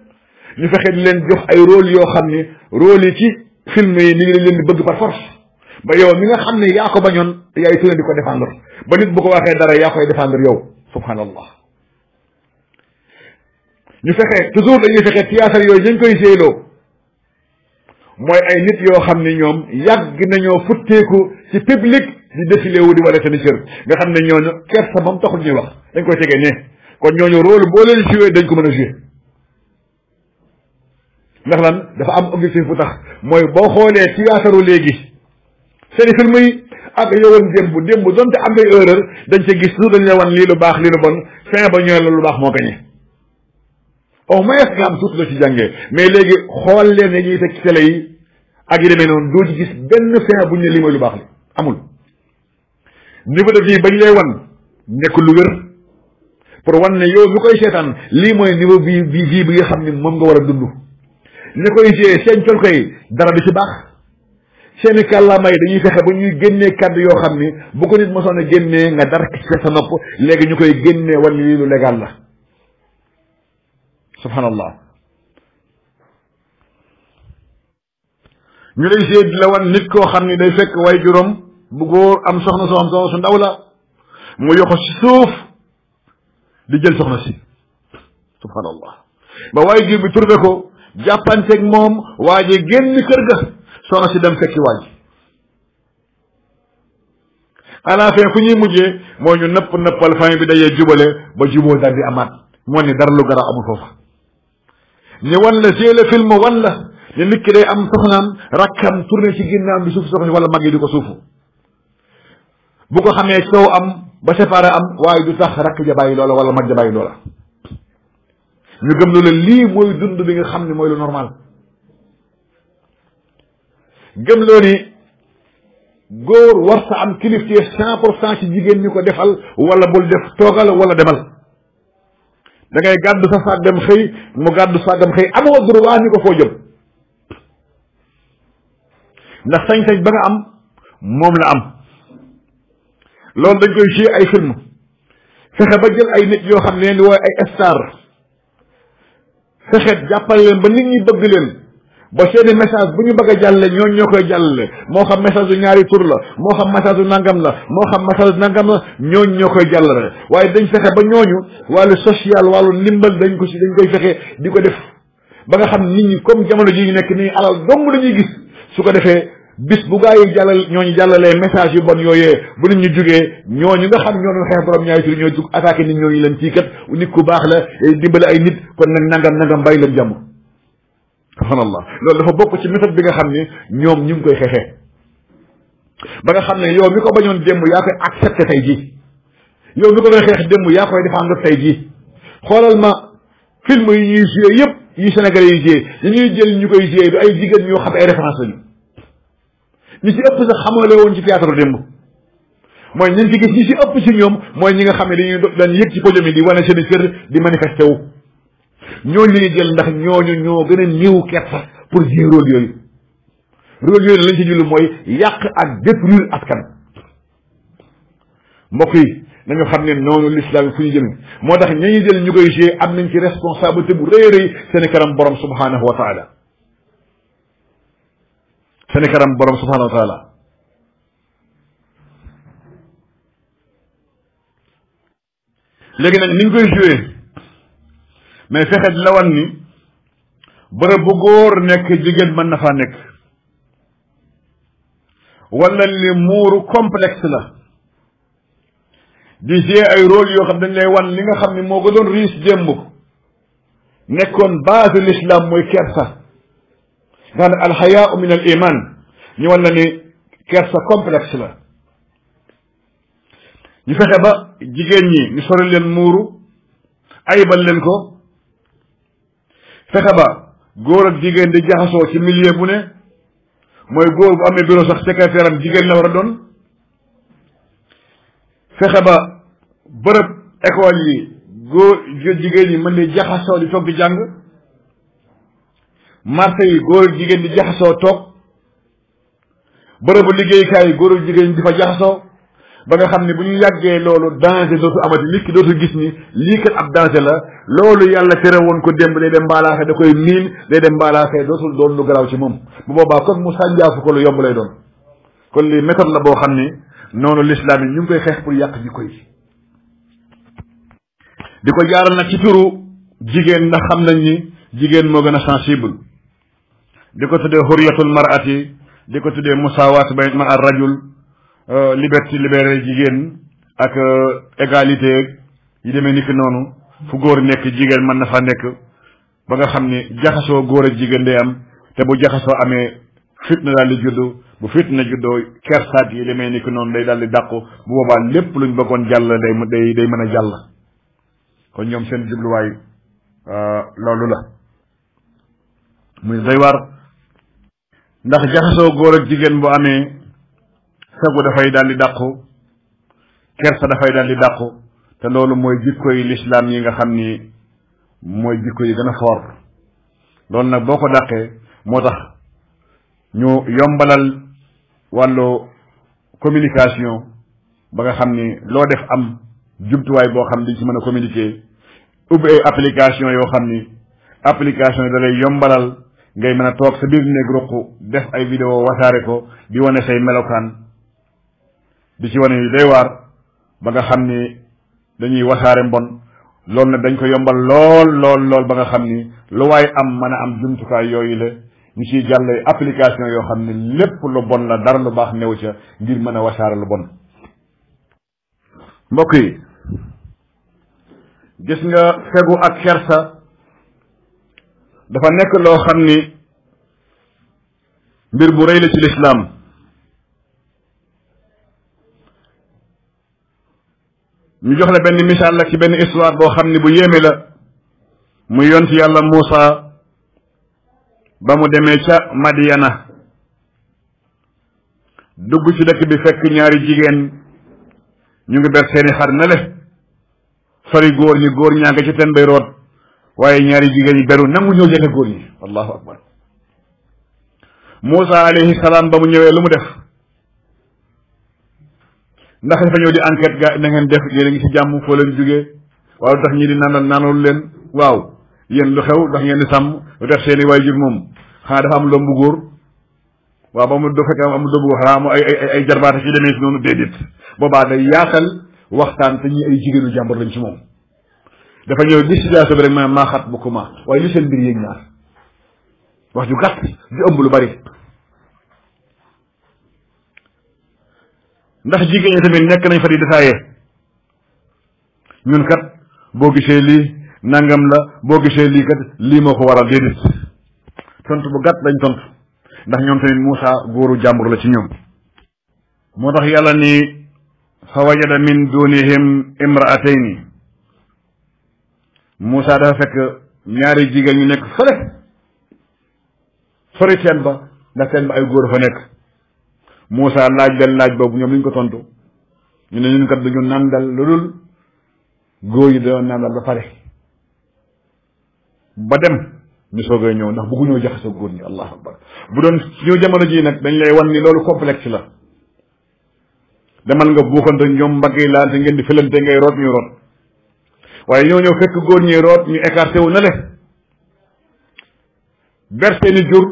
ñu fexe di leen jox ay rôle yoo xam ni rôle yi ci film yi ni ngi leen di bëgg par force ba yow mi nga xamne ya ko bañon yaay tuleen di ko défendre ba nit bu ko waxe dara ya koy défendre yow subhanallah ñu fexe toujours dañuy fexe théâtre yoy dañ koy jélo moy ay nit yo xamne ñom ñoom yàgg nañoo futteeku ci public di défilé wu di wala tan ciir nga xamne ne ñooñu kersa moom taxul ñuy wax dañ koy tégué ne kon ñooñu rôle bo leen joué dañ ko mëna a ndax lan dafa am objectif bu tax mooy boo xoolee théâtre légui seen i film yi ak yowoon démb démb donte am ngay erreur dañ ca gis lu dañ la wan lii lu baax lii lu bon fin ba ñooy la lu baax moo gañe au moins nga am tuuti la ci jàngee mais léegi xool leen ne ñuy teg ci télé yi ak yi demee noonu doo ci gis benn fin bu ñu ne lu baax li amul niveau de vie bañ lay wan nekk lu wér pour wan ne yow mi koy seetaan lii mooy niveau bi bi vie bi nga xam ne moom nga war a dund ne koy see seen col koy dara di ci baax seeni kàllaama yi dañuy fexe ba ñuy génnee kàddu yoo xam ni bu ko nit mosoon a génnee nga dar ci sa nopp léegi ñu koy génnee wan lii lu légal la subhanallah ñu lay seet la wan nit koo xam ni day fekk way juróom bu góor am soxna soo xam su ndaw la mu yoxo ci suuf di jël soxna si subhanallah ba way jur bi turbe ko jàppanteeg moom waa ji génn kër ga soon a si dem fekki waaj à la fin fu ñuy mujjee moo ñu nëpp nëppal famille bi dayee jubale ba juboo daal di amaat moo ne dara lu gara amul foofu ñu wan la see film wan la ne nit ki day am soxnaam am tourné ci ginnaam bi suuf soxna wala mag yi di ko suufu bu ko xamee coow am ba séparé am waaye du tax rakk ja bàyyi loola wala mag ja bàyyi loola ñu gëm loola lii mooy dund bi nga xam ne mooy lu normal gëm loo ni góor war sa am kilifteef ci jigéen ñi ko defal wala bul def toogal wala demal dangay ngay gàddu sa saag dem xëy mu gàddu saag dem xëy amoo droit ni ko foo jëm ndax sañ-sañ ba nga am moom la am loolu dañ koy jouer ay film fexe ba jël ay nit yoo xam ne leen di woowe ay star fexe jàppale leen ba nit ñi bëgg leen ba seeni message bu ñu bëgg a jàllale ñoo ñoo koy jàllale moo xam message u ñaari tur la moo xam message u nangam la moo xam message u nangam la ñooñu ñoo koy jàllale waaye dañ fexe ba ñooñu wàllu social wàllu ndimbal dañ ko si dañ koy fexe di ko def ba nga xam nit ñi comme jamono ji ñu nekk nii alal dong la ñuy gis su ko defee bis bu gaa yi jàllal ñooñu jàllalee message yu bon yooyee bu nit ñu jugee ñooñu nga xam ñoo doon xeex borom ñaari tur ñooy jug attaqué nit ñooñu leen cii kat nit ku baax la dimbale ay nit kon nag nangam nangam bàyyi leen jàmm subhanallah loolu dafa bokk ci méthode bi nga xam ni ñoom ñu ngi koy xeexee ba nga xam ne yow mi ko bañoon démb yaa koy accepté tey jii yow mi ko doon xeex démb yaa koy défendre tey jii xoolal ma film yi ñuy joué yëpp yi senegal yi joué yi ñuy jël ñu koy joué du ay jigéen ñoo xam ay référence lañu ñi ci ëpp sax xamale woon ci théâtre démb mooy ñi ci gis ñi ci ëpp ci ñoom mooy ñi nga xam ne dañuy dañuy yëg ci podium yi di wane seen i kër di manifesté ñoo la ñuy ndax ñooñu ñoo gën a néew kersa pour ji rôle yooyu rôle yooyu lañ ci jullu mooy yàq ak détruire askan mbokk yi nañu xam ne noonu l'islam fu ñu jëme moo tax ña ñuy jël ñu koy jouer am nañ ci responsabilité bu rëy rëy seen karam borom subhanahu wa taala seen karam borom subhanahu wa taala léegi nag ni ñu koy jouer mais fexet wan ni bërëb bu góor nek jigen man na fa nek wala li muuru complexe la di jouer ay rôle yo xam dañ lay wan li nga xam ni moko don ris dembu démb base l'islam moy kersa nga al haya min al iman ni wala ni kersa complexe la ñu fexe ba jigéen ñi ñu sori leen muuru ayibal len ko fexe ba góor ak jigéen di jaxasoo ci milieu bu ne mooy góor bu amee bureau sax secrétaire am jigéen la war a doon fexe ba bërëb école yi góor jigéen yi mën di jaxasoo di toog di jàng marché yi góor jigéen di jaxasoo toog bërëbu liggéeykaay yi góor jigéen di fa jaxasoo ba nga xam ne bu ñu yàggee loolu danger dootu amati nit ki dootu gis ni lii kat ab danger la loolu yàlla tere woon ko démb day dem mbaalaaxee da koy miin day dem doon lu garaaw ci moom bu boobaa kon mu sànjaafu ko lu yomb lay doon kon lii méthode la boo xam ni noonu l'islam yi ñu ngi koy xeex pour yàq ji koy di ko jaaral nag ci turu jigéen ndax xam nañ ni jigéen moo gën a sensible di ko tuddee hurriyatul mar'ati di ko tuddee musaawaat bayna ar rajul Euh, liberté libéré jigéen ak euh, égalité yi demee ni noonu fu góor nekk jigéen mën na fa nekk ba nga xam ni jaxasoo góor ak jigéen day am te bu jaxasoo amee fitna daal di juddu bu fitna juddoo kersaat yi demee ni ki noonu day daal di dàqu bu boobaa lépp luñ bëggoon jàll day day day mën a jàll kon ñoom seen jubluwaay euh, loolu la muy doy war ndax jaxasoo góor ak jigéen bu amee sagu dafay dal di daqu kersa dafay daal di dàqu te loolu mooy jikko yi lislaam yi nga xam ni mooy jikko yi gën a foor loolu nag boo ko dàqee moo tax ñu yombalal wàllu communication ba nga xam ni loo def am jumtuwaay boo xam di ci mën a communiquer ubbi ay application yoo xam ni application yi da lay yombalal ngay mën a toog sa biir néeg ruq def ay vidéo wasaare ko bi wane say melokaan di ci wane yi day waar ba nga xam ni dañuy wasaare mbon lool nag dañ ko yombal lool lool lool ba nga xam ni lu waaye am mën a am jumtukaay yooyu la ñu ciy jàllee application yoo xam ne lépp lu bon la dara lu baax new ca ngir mën a wasaare lu bon mbokk yi gis nga fegu ak kersa dafa nekk loo xam ni mbir bu rëy la ci lislaam ñu jox la benn misaal la ci benn histoire boo xam ne bu yéeme la mu yoon ci yàlla Muusa ba mu demee ca Madiyana dugg ci dëkk bi fekk ñaari jigéen ñu ngi ber seeni xar nale sori góor ñi góor ñaa nga ci ten bay root waaye ñaari jigéen ñi beru nangu ñëw jege góor ñi allahu akbar Muusa alayhi ba mu ñëwee lu mu def ndax dafa ñëw di enquête ga na ngeen def yéen ngi si jàmm foo leen jugee waaw lu tax ñi di naanal naanalu leen waaw yéen lu xew ndax ngeen di sàmm lu tax seen i waajur moom xanaa dafa am lombu góor waaw ba mu do fekk am lombu góor xanaa mu ay ay ay jarbaata ci demee si noonu déedéet boobaa day yaatal waxtaan te ñi ay jigéenu jàmbur lañ ci moom dafa ñëw di situation bi rek ma maaxat bu ko ma waaye li seen mbir yéeg ñaar wax ju gàtt di ëmb lu bari ndax jigéen ñi tamit nekk nañ fa di détaillé ñun kat boo gisee lii nangam la boo gisee lii kat lii moo ko waral déedéet tontu bu gàtt lañ tontu ndax ñoom tamit Moussa góoru jàmbur la ci ñoom moo tax yàlla ni fa wajada min dunihim imraatayni Moussa dafa fekk ñaari jigéen ñu nekk fële sori teen ba ndax teen ba ay góor fa nekk Moussa laaj leen laaj boobu ñoom li ñu ko tontu ñu ne ñun kat dañu nàndal lu dul góor yi dañoo nàndal ba pare ba dem ñu soogay ñëw ndax bëgguñoo jaxasoo góor ñi allahu ba bu doon suñu jamono jii nag dañ lay wan ni loolu complexe la demal nga buuxante ñoom mbagg yi laante ngeen di filante ngay root ñu root waaye ñoo ñëw fekk góor ñuy root ñu écarté wu na le berse ni jur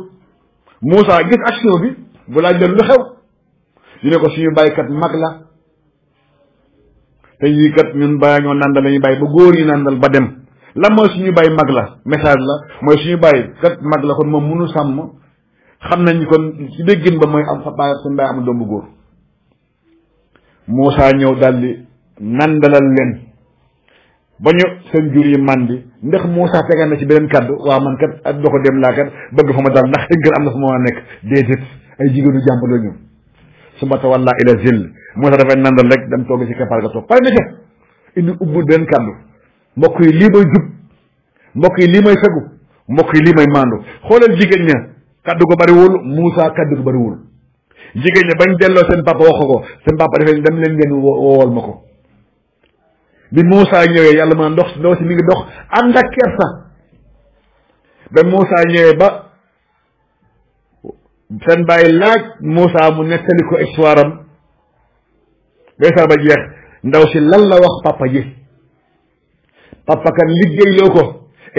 Moussa gis action bi bu laaj leen lu xew ñu ne ko suñu bàyyikat mag la te ñii kat ñun bàyyi ñoo nandal dañuy bàyyi ba góor yi nandal ba dem la mooy suñu bàyyi mag la message la mooy suñu bàyyi mag la ko moom mënu sàmm xam nañ kon ci déggin ba mooy am fa bàyyi góor Moussa ñëw daal di nandalal leen ba ñu seen jur yi màndi ndax Moussa tegaan na ci beneen kàddu waaw man kat ak doxu dem laa fa ma daal ndax ëggal am na fa ma nekk déedéet ay jigéenu jàmbur la suma tawalla ila zil mo dafa dafay nandal rek dem toog ci keppaar ga toog pare na ca indi ubbu benn kaddu mbok yi li mooy jup mbok yi li mooy fegu mbok yi li mooy mandu xolal jigéen ña kaddu ko wul musa kaddu ko wul jigéen ña bañ delo sen papa wax sen papa defee dem len ngeen wol mako bi musa ñewé yalla ya ma ndox ndox mi ngi dox andak kersa ba musa ñewé ba seen baay laaj Moussa mu nettali ko histoire am ba ba jeex ndaw si lan la wax pappa ji papa kan liggéeyloo ko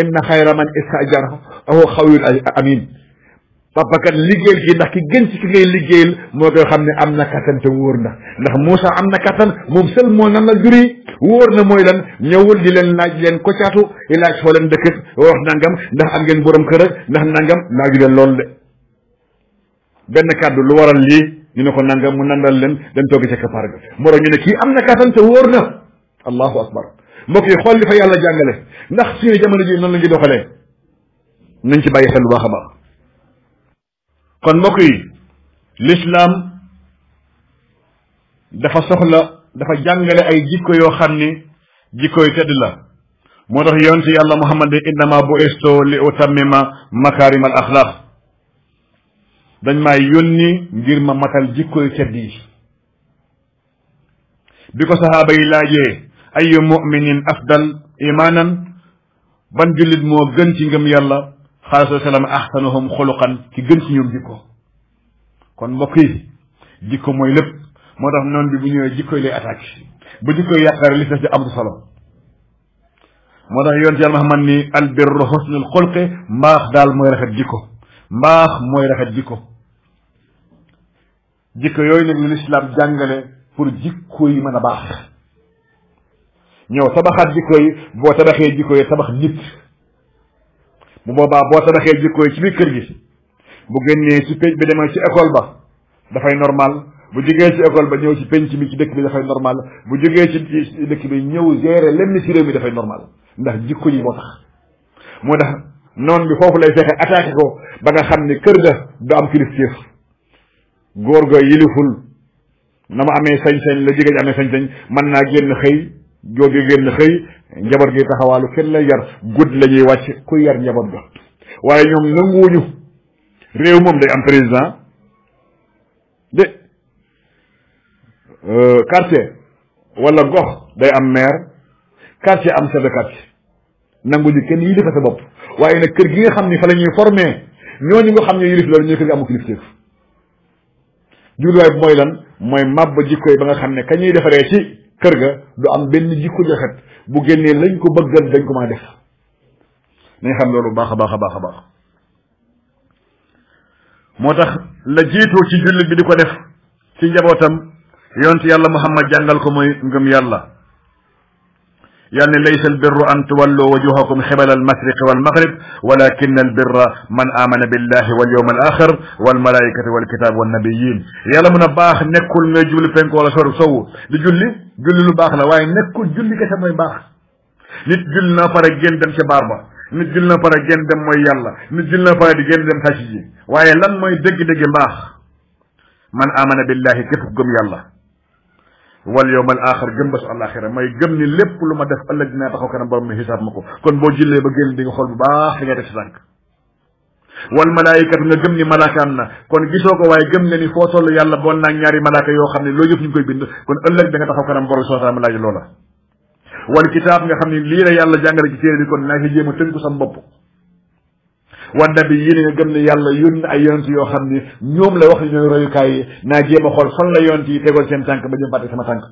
inna xayra man istajarta ahu xawiyul amin papa kan liggéey kii ndax ki gën ci ki ngay moo koy xam ne am na kattan te wóor na ndax Moussa am na kattan moom sel moo nan na juri wóor na mooy lan ñëwul di leen laaj leen ko caatu i laaj foo leen dëkk wax nangam ndax am ngeen borom kër ndax nangam laaju leen loolu de benn kàddu lu waral lii ñu ne ko nangam mu nandal leen dem toog ca kapaar ga moro ñu ne kii am na kàttan te wóor na allahu akbar mbokk yi xool li fa yàlla jàngale ndax suñu jamono ji noonu la ñu doxalee nañ ci bàyyi xel bu baax a baax kon mbokk yi lislaam dafa soxla dafa jàngale ay jikko yoo xam ni jikko yu tedd la moo tax yonte yàlla muhammad ne innama bu isto li utammima makarim al axlaq dañ may yónni ngir ma matal jikko tedd yi bi ko sahaaba yi laaje ay muminin afdal imanan ban julit mo gën ci ngëm yàlla xaala sa salaam ahsanuhum xuluqan ki gën ci ñoom jikko kon mbokk yi jikko mooy lépp moo tax noonu bi bu ñëwee jikko lay attaque bu jikko yi li fees ci am solo moo tax yoon ci yàlla ma al birru husnul xusnul xulqi mbaax daal mooy rafet jikko mbaax mooy rafet jikko jikko yooyu nag lu lislaam jàngale pour jikko yi mën a baax ñëw tabaxaat jikko yi boo tabaxee jikko yi tabax nit bu boobaa boo tabaxee jikko yi ci biir kër gi bu génnee ci pénc bi demee ci école ba dafay normal bu jógee ci école ba ñëw ci penc mi ci dëkk bi dafay normal bu jógee ci dëkk bi ñëw gérer lenn ci réew mi dafay normal ndax jikko yi moo tax moo tax noon bi foofu lay fexe attaqué ko ba nga xam ni kër ga du am kilifteef góor ga yiliful na ma amee sañ-sañ la jigéen amee sañ-sañ mën naa génn xëy jóor gi génn xëy njaboot gi taxawaalu kenn lay yar guddi lañuy wàcc ku yar njaboot ga waaye ñoom nanguwuñu réew moom day am président de euh, quartier wala gox day am maire quartier am chef quartier nangu nanguñu kenn yilifa sa bopp waaye nag kër gi nga xam ni fa la ñuy formé ñooñu nga xam ne yilif loolu ñooy kër gi amu kilifteef jubluwaay bi mooy lan mooy màbb jikkoy ba nga xam ne ka defaree ci kër ga du am benn jikko joxet bu génnee lañ ko bëggal dañ ko maa def nañ xam loolu baax a baax a baax a baax moo tax la jiitu ci jullit bi di ko def ci njabootam yonent yàlla xam Muhammad jàngal ko mooy ngëm yàlla يعني ليس البر أن تولوا وجوهكم قبل المشرق والمغرب ولكن البر من آمن بالله واليوم الآخر والملائكة والكتاب والنبيين يلا من باخ نكل ما جولي فينك ولا سور سو لجولي جولي جولي لا واي نكل جولي كتا ما باخ نيت جولي نا دم شباربا باربا نيت جولي دم ما يلا نيت جولي نا دم تاشي واي لن ما يدق دق باخ من آمن بالله كيف قم يالله wal yawmal axir gëm ba su àllaaxira may gëm ni lépp lu ma def ëllëg dinaa taxaw kanam borom mi xisaab ma ko kon boo jullee ba génn di nga xool bu baax li nga def si tànk wal malaayikatu nga gëm ni malaaka am na kon gisoo ko waaye gëm nga ni foo toll yàlla boon naa ñaari malaaka yoo xam ne loolu yëpp ñu ngi koy bind kon ëllëg da nga taxaw kanam borom soo taama nga xam ne lii yàlla jàngale ci téere bi kon naa ci jéem tënku sam bopp wa nabi yi nga gën ne yàlla na ay yonent yoo xam ni ñoom la wax yi ñooy royukaay yi naa jéem a xool fan la yonent yi tegoon seen tànk ba jëm fàtte sama tànk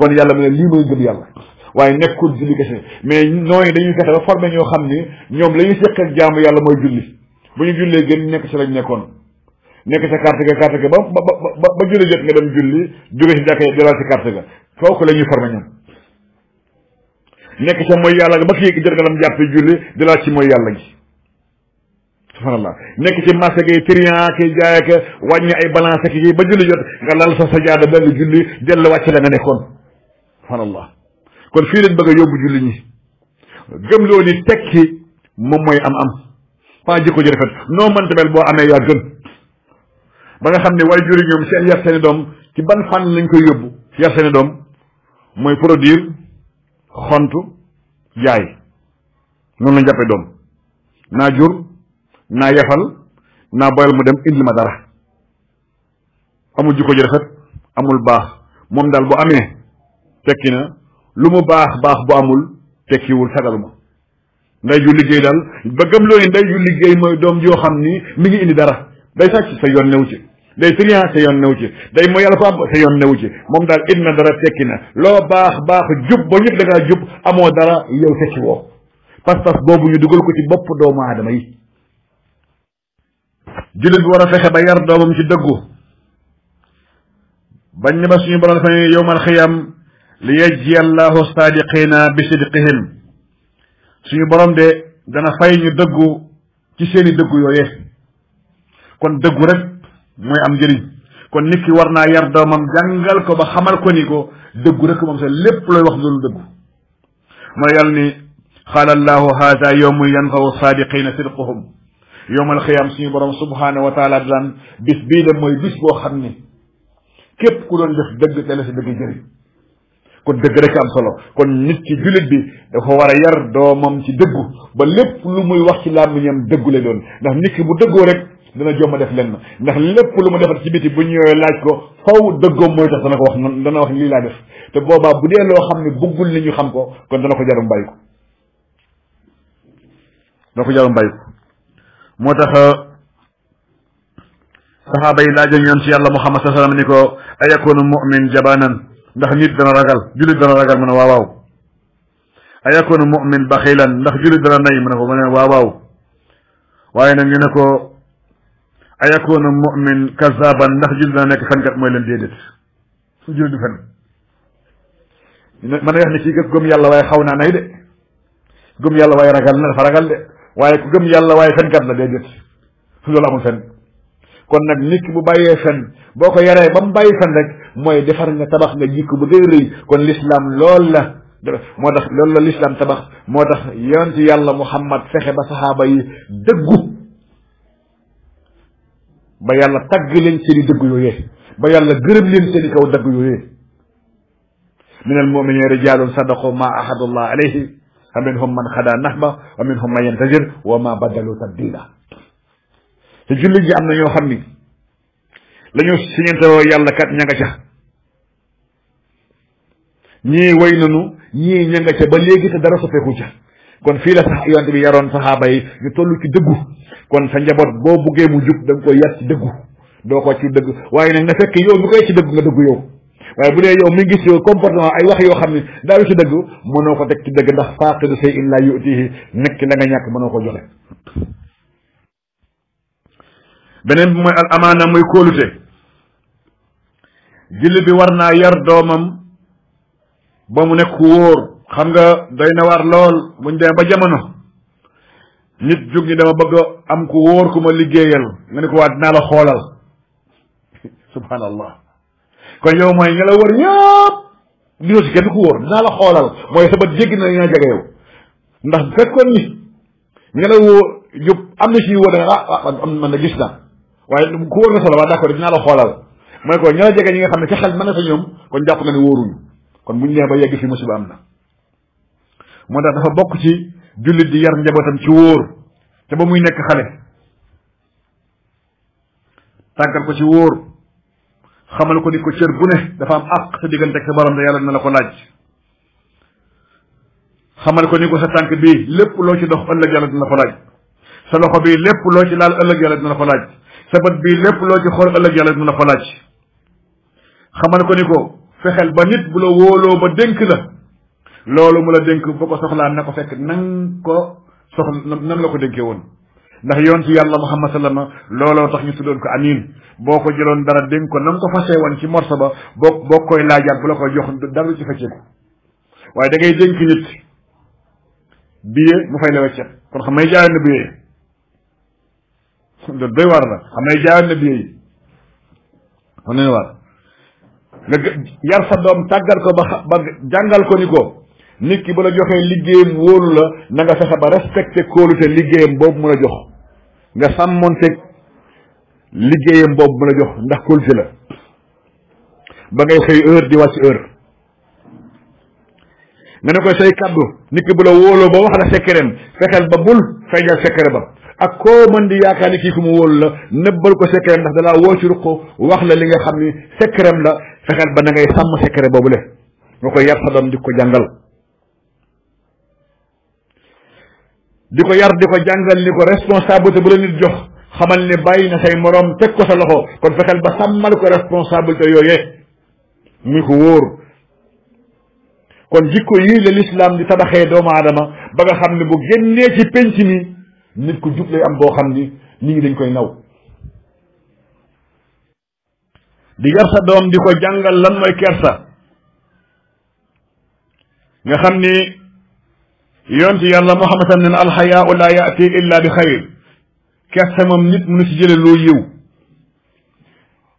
kon yàlla mu ne lii mooy gëm yàlla waaye nekkul julli kese mais nooñu dañuy fexe ba formé ñoo xam ni ñoom la ñu seq ak jaamu yàlla mooy julli bu ñu jullee gën nekk si lañ nekkoon nekk sa carte ga carte ga ba ba ba ba julli jot nga dem julli jóge si jàkka dalaal si carte ga foofu la ñuy formé ñoom nekk sa mooy yàlla ga ba kii jot nga dem jàppe julli dalaal ci mooy yàlla gi subhanallah nekk ci marché gay trian ki jaay ak wàññi ay balance ki ba julli jot nga lal sa sajaada dal julli dellu wàcc la nga nekkoon subhanallah kon fii leen bëgg a yóbbu julli ñi gëmloo ni tekki moom mooy am am pas jikko ji rafet noo mënta mel boo amee yaa gën ba nga xam ne way juri ñoom seen yar seeni doom ci ban fànn lañ koy yóbbu yar seeni doom mooy produire xontu jaay noonu lañ jàppee doom naa jur naa yefal naa boyal mu dem indil ma dara amul jikko ji rafet amul baax moom daal bu amee tekki na lu mu baax baax bu amul tekkiwul sagaluma nday ju liggéey daal ba gëm looyu nday ju liggéey mooy doom joo xam ni mi ngi indi dara day sàcc sa yoon newu ci day trian yoon newu ci day mooy yàlla ko am sa yoon new ci moom daal indi na dara tekki na loo baax baax jub ba ñëpp da ngaa amoo dara yow tekki woo boobu ñu dugal ko ci bopp doomu aadama yi julit bi war a fexe ba yar doomam ci dëggu bañ ne ba suñu borom dafa ne yowmal xiyam li yajji allahu saadiqina bi sidqihim suñu borom de dana fay ñu dëggu ci seeni dëggu yooyee kon dëggu rek mooy am njëriñ kon nit ki war naa yar doomam jàngal ko ba xamal ko ni ko dëggu rek moom sa lépp looy wax loolu dëggu mooy yàlla ni xaala allahu haada yowmu yanfawu saadiqina sidquhum yowmal xiyam suñu borom subhana wa taala daan bis bii de mooy bis boo xam ne képp ku doon def dëgg te la si dëgg jëriñ kon dëgg rek am solo kon nit ci julit bi dafa war a yar doomam ci dëggu ba lépp lu muy wax ci làmmiñam dëggu la doon ndax nit ki bu dëggoo rek dana jomma def lenn ndax lépp lu mu defat ci biti bu ñëwee laaj ko faw dëggoom mooy tax dana ko wax nan dana wax lii laa def te boobaa bu dee loo xam ne buggul ni ñu xam ko kon dana ko jarum bàyyi ko dana ko jarum bàyyi ko moo tax euh, saxaaba yi laajoon yoon ci yàlla Muhammad sallallahu alayhi wasallam ni ko ayakunu mu'min jabanan ndax nit dana ragal jullit dana ragal mu ne waaw waaw ayakunu mu'min baxilan ndax jullit dana nay mu ne ko mu ne waaw waaw waaye nag ñu ne ko ayakunu mu'min kazaban ndax jullit dana nekk fenkat mooy leen déedéet su jullit du fen mën a wax ne kii gëm yàlla waaye xaw naa nay de gëm yàlla waaye ragal na dafa ragal de waaye ku gëm yàlla waaye fenkat la déedéet su loolu amul fen kon nag nit ki bu bàyyee fen boo ko yaree ba mu bàyyi fen rek mooy defar nga tabax nga jikko bu rëy rëy kon l'islam lool la moo tax loolu la l'islam tabax moo tax yonent yàlla muhammad fexe ba saxaaba yi dëggu ba yàlla tagg leen seen i dëgg yooyee ba yàlla gërëm leen seen i kaw dëgg yooyee min al muminina rijalun sadaqu ma ahadullah alayhi fa minhum man xadaa nahba wa minhum man yantazir wa ma badalu tabdila te jullit ji am na ñoo xam ni la ñu siñantewoo yàlla kat ña nga ca ñii way nanu ñii ña nga ca ba léegi te dara soppeeku ca kon fii la sax yonte bi yaroon saxaaba yi ñu toll ci dëggu kon sa njaboot boo buggee mu jub da nga koy yar ci dëggu doo ko ci dëgg waaye nag na fekk yow mi koy ci dëgg nga dëggu yow waaye bu dee yow mi gis yow comportement ay wax yoo xam ne daalu ci dëgg mënoo ko teg ci dëgg ndax faaqidu say in laa yutihi nekk la nga ñàkk mënoo ko joxe beneen bi mooy al amaana mooy kóolute jullit bi war naa yar doomam ba mu nekk wóor xam nga doy na waat lool buñ dee ba jamono nit jóg ni dama bëgg am ku wóor ku ma liggéeyal nga ne ko waa dinaa la xoolal subhanallah kon yow mooy ña la wër yëpp di si kenn ku wóor dinaa la xoolal mooy sa bët jéggi na ñaa jege yow ndax bu fekkoon ni ña la woo am na ci woo da nga ah am ah, man na gis na waaye ku wóor nga solo la xoolal mooy kon ña ñi nga xam ne ca xel mën na fa ñoom kon jàpp nga ne wóoruñu kon buñ nee ba yegg fi musiba am na moo tax dafa bokk ci jullit di yar njabootam ci wóor te ba muy nekk xale tàggat ko ci wóor xamal ko ni ko cër bu ne dafa am àq sa diggante ak sa borom da yàlla na la ko laaj xamal ko ni ko sa tànk bii lépp loo ci dox ëllëg yàlla dina la ko laaj sa loxo bii lépp loo ci laal ëllëg yàlla dina la ko laaj sa bët bii lépp loo ci xool ëllëg yàlla dina la ko laaj xamal ko ni ko fexeel ba nit bu la wóoloo ba dénk la loolu mu la dénk ba ko soxlaa na ko fekk nan ko soxla nan la ko dénkee woon ndax yoon ci yàlla muhammad sallama looloo tax ñu tuddoon ko amin boo ko jëloon dara dénk ko na nga ko fasee woon ci morso ba boo boo koy laajaat bu la koy jox dara ci fecceeku waaye dangay ngay dénk nit billet mu fay la weccet kon xam may jaayoon na billet yi la xam may jaayoon na billet yi xam nañu doom tàggal ko ba ba jàngal ko ni ko nit ki ba la joxee liggéeyam wóolu la na nga fexe ba respecté kóolute liggéeyam boobu mu la jox nga sàmmoon teg liggéeyam boobu mu la jox ndax kóolute la ba ngay xëy heure di wàcc heure nga ne koy say kaddu nit ki bu la wóoloo ba wax la sekkereem fexeel ba bul feeñal sekkere ba ak koo mën di yaakaar ni kii ku mu wóolu la nëbbal ko sekkereem ndax dalaa woo ci ruq wax la li nga xam ni sekkereem la fexeel ba na ngay sàmm sekkere boobu le nga koy yar sa doom di ko jàngal diko yar diko jàngal liko responsabilité bu la nit jox xamal ne bàyyi na say morom tek ko sa loxo kon fexel ba samal ko responsabilité yoyé mi ko wor kon jikko yi le l'islam di tabaxé do ma adama ba nga xamni bu génné ci penc mi nit ko jub lay am bo xamni ni ngi dañ koy naw di yar sa dom diko jàngal lan moy kersa nga xamni yonti yàlla Muhammad sam neen alxayaau laa yaati illa bi xayr kersa moom nit mënu ci jële loo yiw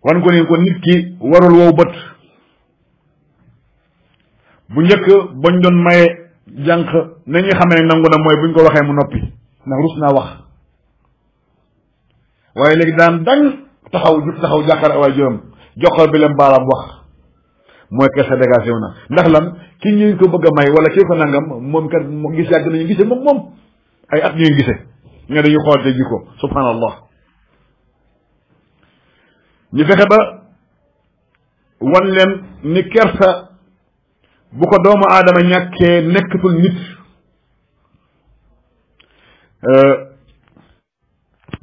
wan ko ne ko nit ki warul wow bët bu njëkk bañ doon maye jànq nañu xamee ne nangu na mooy buñ ko waxee mu noppi ndax rus naa wax waaye léegi daan dang taxaw jub taxaw jàkkaar awaay jëm joxal bi leen baaraam wax mooy kersa dégagé na ndax lan ki ñu ko bëgg a may wala ki ko nangam moom kat mo gis yàgg nañu gise moom moom ay at ñuy gise nga dañu xool te jikko subhanallah ñu fexe ba wan leen ni kersa bu ko doomu aadama ñàkkee nekkatul nit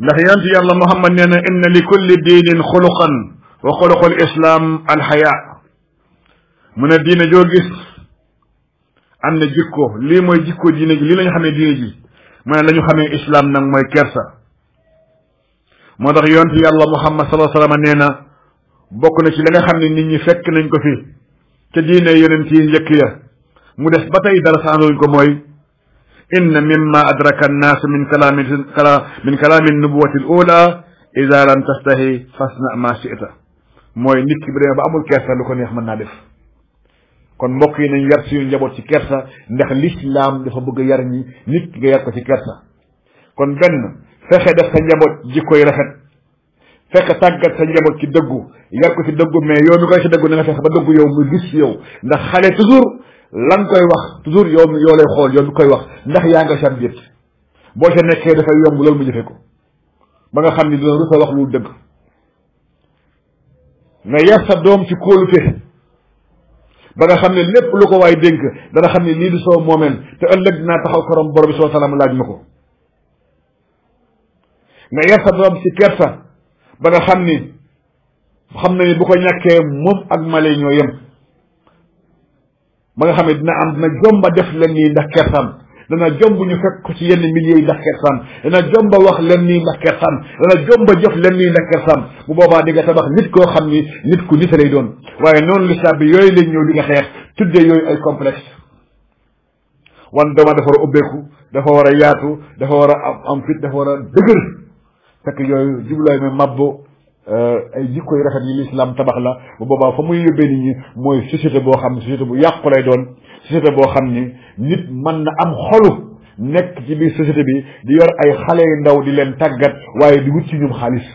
ndax yant yàlla muhammad nee na inna li kulli diinin xuluqan wa xuluqu al islam al xayaa mu ne diine joo gis am na jikko lii mooy jikko diine ji lii la ñu xamee diine ji mu ne la ñu xamee islam nag mooy kersa moo tax yonte yàlla muhammad salaa sallam nee na bokk na ci la nga xam ne nit ñi fekk nañ ko fi ca diine yonent yi njëkk ya mu des ba tey dara saanduñ ko mooy inna mimma adraka annaasu min kalaami min kalaami nubuwati l ula ida lam tastahi fasna ma chita mooy nit ki bu demee ba amul kersa lu ko neex mën naa def kon mbokk yi nañ yar suñu njaboot ci kersa ndax lislaam dafa bëgg a yar ñi nit ki nga yar ko ci kersa kon benn fexe def sa njaboot jikkoy rafet fekk tàggat sa njaboot ci dëggu yar ko ci dëggu mais yow mi koy ci dëggu na ba dëggu yow mu yow ndax xale toujours lan koy wax toujours yow mi yow lay xool yow mi koy wax ndax yaa nga sam jët boo ca nekkee dafay yomb loolu mu jëfe ko ba nga xam ni dina rus wax lu dëgg nga yar sa doom ci kóolute ba nga xam ne lépp lu ko waay dénk dana xam ne lii du soo moomeel te ëllëg dinaa taxaw korom borom bi soo salaam laaj ma ko nga yar sa doom si kersa ba nga xam ni xam na ni bu ko ñàkkee moom ak male ñoo yem ba nga xam ne dina am dina jomba def la nii ndax kersam dana jomb ñu fekk ko ci yenn milieu yi ndax kersaam dana jomba wax lenn ni ndax kersaam dana jomba jëf lenn ni ndax kersaam bu boba di nga tabax nit ko xamni nit ku nite lay doon waaye noonu li bi yooyu lañ ñëw di nga xeex tudde yooyu ay complexe wan dama dafa war a ubbeeku dafa war a yaatu dafa war a am fit dafa war a dëgër fekk yooyu jublaay mooy mabbo ay jikko yu rafet yi l'islam tabax la bu boobaa fa muy yóbbee nit ñi mooy société boo xam société bu yàqu lay doon société boo xam ni nit mën na am xolu nekk ci biir société bi di yor ay xale yu ndaw di leen tàggat waaye di wut ci ñoom xaalis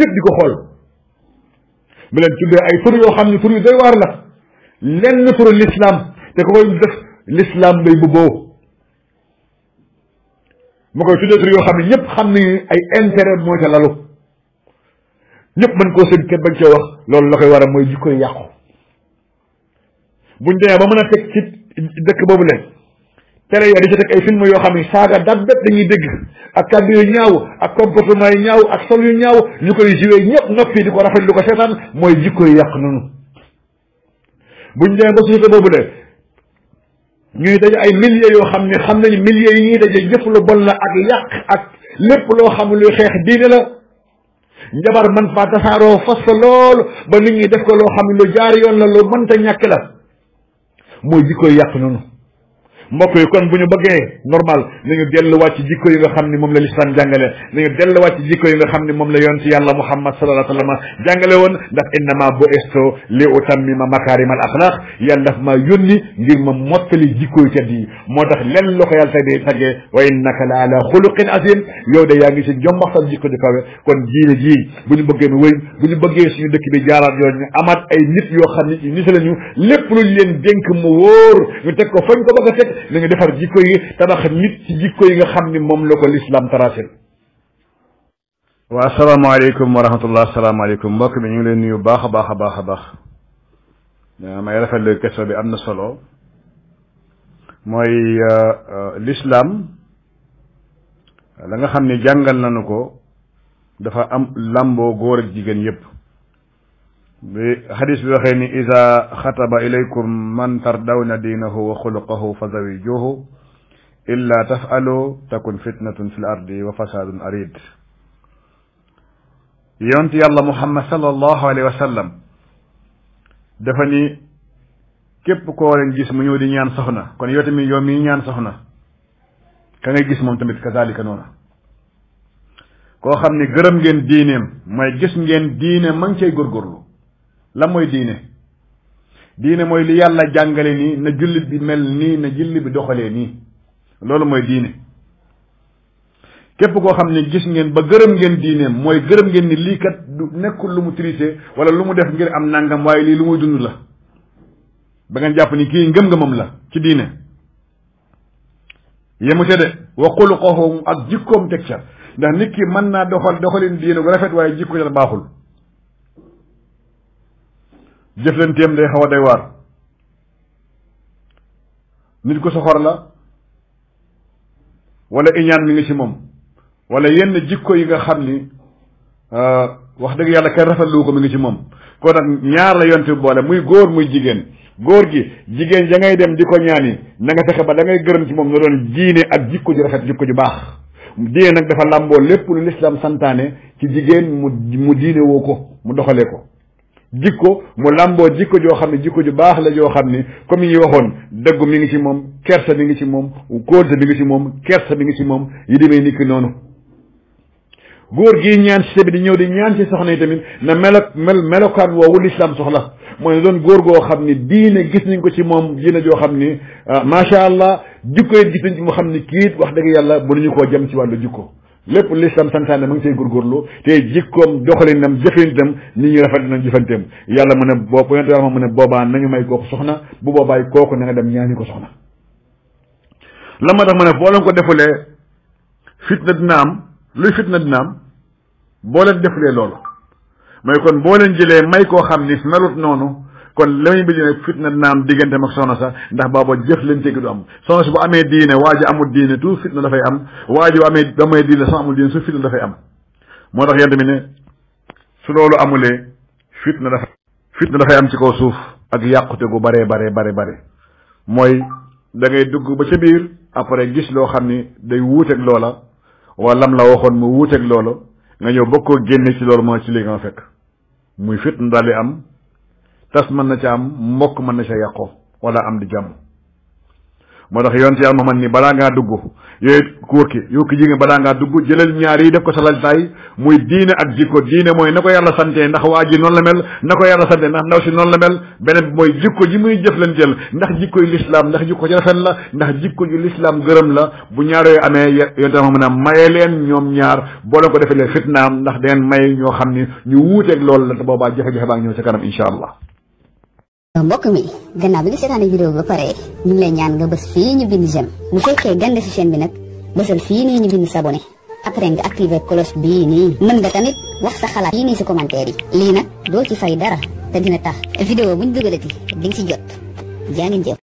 yëpp di ko xool mu leen tuddee ay tur yoo xam ni tur yu doy waar la lenn turu l'islam te ku koy def l'islam bay bu boo mu koy tuddee yoo xam ne ñëpp xam ni ay intere mooy ca lalu ñëpp mën koo sëg kenn bañ cee wax loolu la koy waral mooy jikko yàqu buñ demee ba mën a teg ci dëkk boobu leen télé yooyu di ci teg ay film yoo xam ne saaga dat dat dañuy dégg ak kàddu yu ñaaw ak comportement yu ñaaw ak sol yu ñaaw ñu koy joué ñëpp noppi di ko rafet lu ko seetaan mooy jikko yu yàq noonu buñ demee ba société boobu leen ñuy daje ay milliers yoo xam ne xam nañu millier yi ñuy daje jëf lu bon na ak yàq ak lépp loo xam luy xeex diine la njabar man faa tasaaroo fas fa lool ba ni ñi def ko loo xam ne lu jaar yoon la lu mënta ñàkk la mooy jikko yàq noonu mbokk yi kon bu ñu bëggee normal nañu dellu wàcc jikko yi nga xam ni moom la lislam jàngale nañu dellu wàcc jikko yi nga xam ni moom la yonent yàlla muhammad sallallahu alayhi wa jàngale woon ndax innama bu esto li utammima makarim al axlaq yàlla daf ma yónni ngir ma mottali jikko yi tedd yi moo tax lenn loo ko yàlla tey tagge tàggee wa innaka la ala xuluqin azim yow de yaa ngi si jombaxtal jikko di kawe kon jiine jii bu ñu bëggee mu wëy bu ñu bëggee suñu dëkk bi jaaraat yoon ñu amaat ay nit yoo xam ni nit lañu lépp lu ñu leen dénk mu wóor ñu teg ko fañ ko bëgg a teg na nga defar jikko yi tabax nit ci jikko yi nga xam ni moom la ko l'islam tracé waa asalaamaaleykum wa rahmatullah asalaamaaleykum mbokk mi ñu ngi leen nuyu baax a baax a baax a baax may rafetlu question bi am na solo mooy l'islam la nga xam ne jàngal nañu ko dafa am lamboo góor ak jigéen yépp بحديث بخين إذا خطب إليكم من تردون دينه وخلقه فزوجوه إلا تفعلوا تكون فتنة في الأرض وفساد أريد يونت الله محمد صلى الله عليه وسلم دفني كيف كورن جسم يودي نيان سخنا كون يوتمي يومي نيان سخنا كان جيس موم تاميت كذلك نونا كو خامني غرم ген دينم ماي جيس ген دينم مانشي غورغورلو la mooy diine diine mooy li yàlla jàngale nii na jullit bi mel nii na jullit bi doxalee nii loolu mooy diine képp koo xam ne gis ngeen ba gërëm ngeen diineem mooy gërëm ngeen ni liikat kat du nekkul lu mu triché wala lu mu def ngir am nangam waaye lii lu muy dund la ba ngeen jàpp ni kii ngëm-ngëmam la ci diine yemu ca de wa xuluqahum ak jikkoom teg ca ndax nit ki mën naa doxal doxalin diine bu rafet waaye jikko ca baaxul jëflanteem day xaw a day waar nit ko soxor la wala iñaan mi nga ci moom wala yenn jikko yi nga xam ni wax dëgg yàlla kenn rafetlu ko mi nga ci moom kon nag ñaar la yonte boole muy góor muy jigéen góor gi jigéen ja ngay dem di ko ñaani na nga fexe ba da ngay gërëm ci moom na doon diine ak jikko ji rafet jikko ju baax diine nag dafa làmboo lépp lu lislaam santaane ci jigéen mu mu diine woo ko mu doxalee ko jikko mu làmboo jikko joo xam ne jikko ju baax la joo xam ne comme yi ñuy waxoon dëggu mi ngi ci moom kersa mi ngi ci moom kóolte mi ngi ci moom kersa mi ngi ci moom yi demee ni ki noonu góor gii ñaan ci tamit di ñëw di ñaan ci soxna yi tamit na melo mel melokaan woowu lislaam soxla mooy doon góor goo xam ni diine gis nañ ko ci moom diine joo xam ni ah, macha allah jikko it gis nañ ci mu xam ni kiit wax dëgg yàlla mënuñu koo jëm ci wàllu jikko lépp lislam santaane ma ngi cay góorgóorlu te jikkoom doxalinam jëfantam nit ñi rafet nañ jëfantam yàlla mën ne boo yonte yàlla mu ne boobaa nañu may kooku soxna bu boobaay kooku na nga dem ñaani ko soxna la ma tax ne boo leen ko defulee fitna dina am luy fitna dina am boo leen defulee loolu mooy kon boo leen jëlee may koo xam ni melut noonu kon lamay muy mbiri fitna naam digënté mak soxna sa ndax jëf jëflante gi du am soxna si bu amé diine waji amul diine tout fitna da fay am waji amé bu amee damay diine sax amul diine su fitna da fay am mo tax yënd mi ne su loolu amulé fitna dafa fitna da fay am ci ko suuf ak yàqute gu bare bare bare bare moy da ngay dugg ba ci biir après gis loo xam ni day wuuteeg loola wala lam la waxoon mu wuuteeg loola nga ñëw bokkoo génne ci loolu moo ci li nga fekk muy fitna daal di am tas mën na ca am mbokk mën na ca yàqoo wala am di jàmm moo tax yoon ci yàlla man ni balaa ngaa dugg yooyu kuur ki yow ki jigéen balaa ngaa dugg jëlal ñaar yi def ko salaltaay muy diine ak jikko diine mooy na ko yàlla sante ndax waa ji noon la mel na ko yàlla sante ndax ndaw si noonu la mel beneen bi mooy jikko ji muy jëf leen jël ndax jikko yu lislaam ndax jikko ci rafet la ndax jikko ju lislaam gërëm la bu ñaar yooyu amee yoon tam mën a mayee leen ñoom ñaar boo leen ko defee leen fitnaam ndax dangeen may ñoo xam ni ñu wuuteeg loolu la te boobaa jafe-jafe ñëw ca kanam incha allah mbokk mi gannaaw bi nga seetaane vidéo bi ba pare ñu ngi lay ñaan nga bës fii ñu bind j'aime bu fekkee gande si chaîne bi nag bësal fii nii ñu bind s'abonné après nga activer cloche bii nii mën nga tamit wax sa xalaat fii nii si commentaire yi lii nag doo ci fay dara te dina tax vidéo buñ dugalati di nga si jot jaa ngeen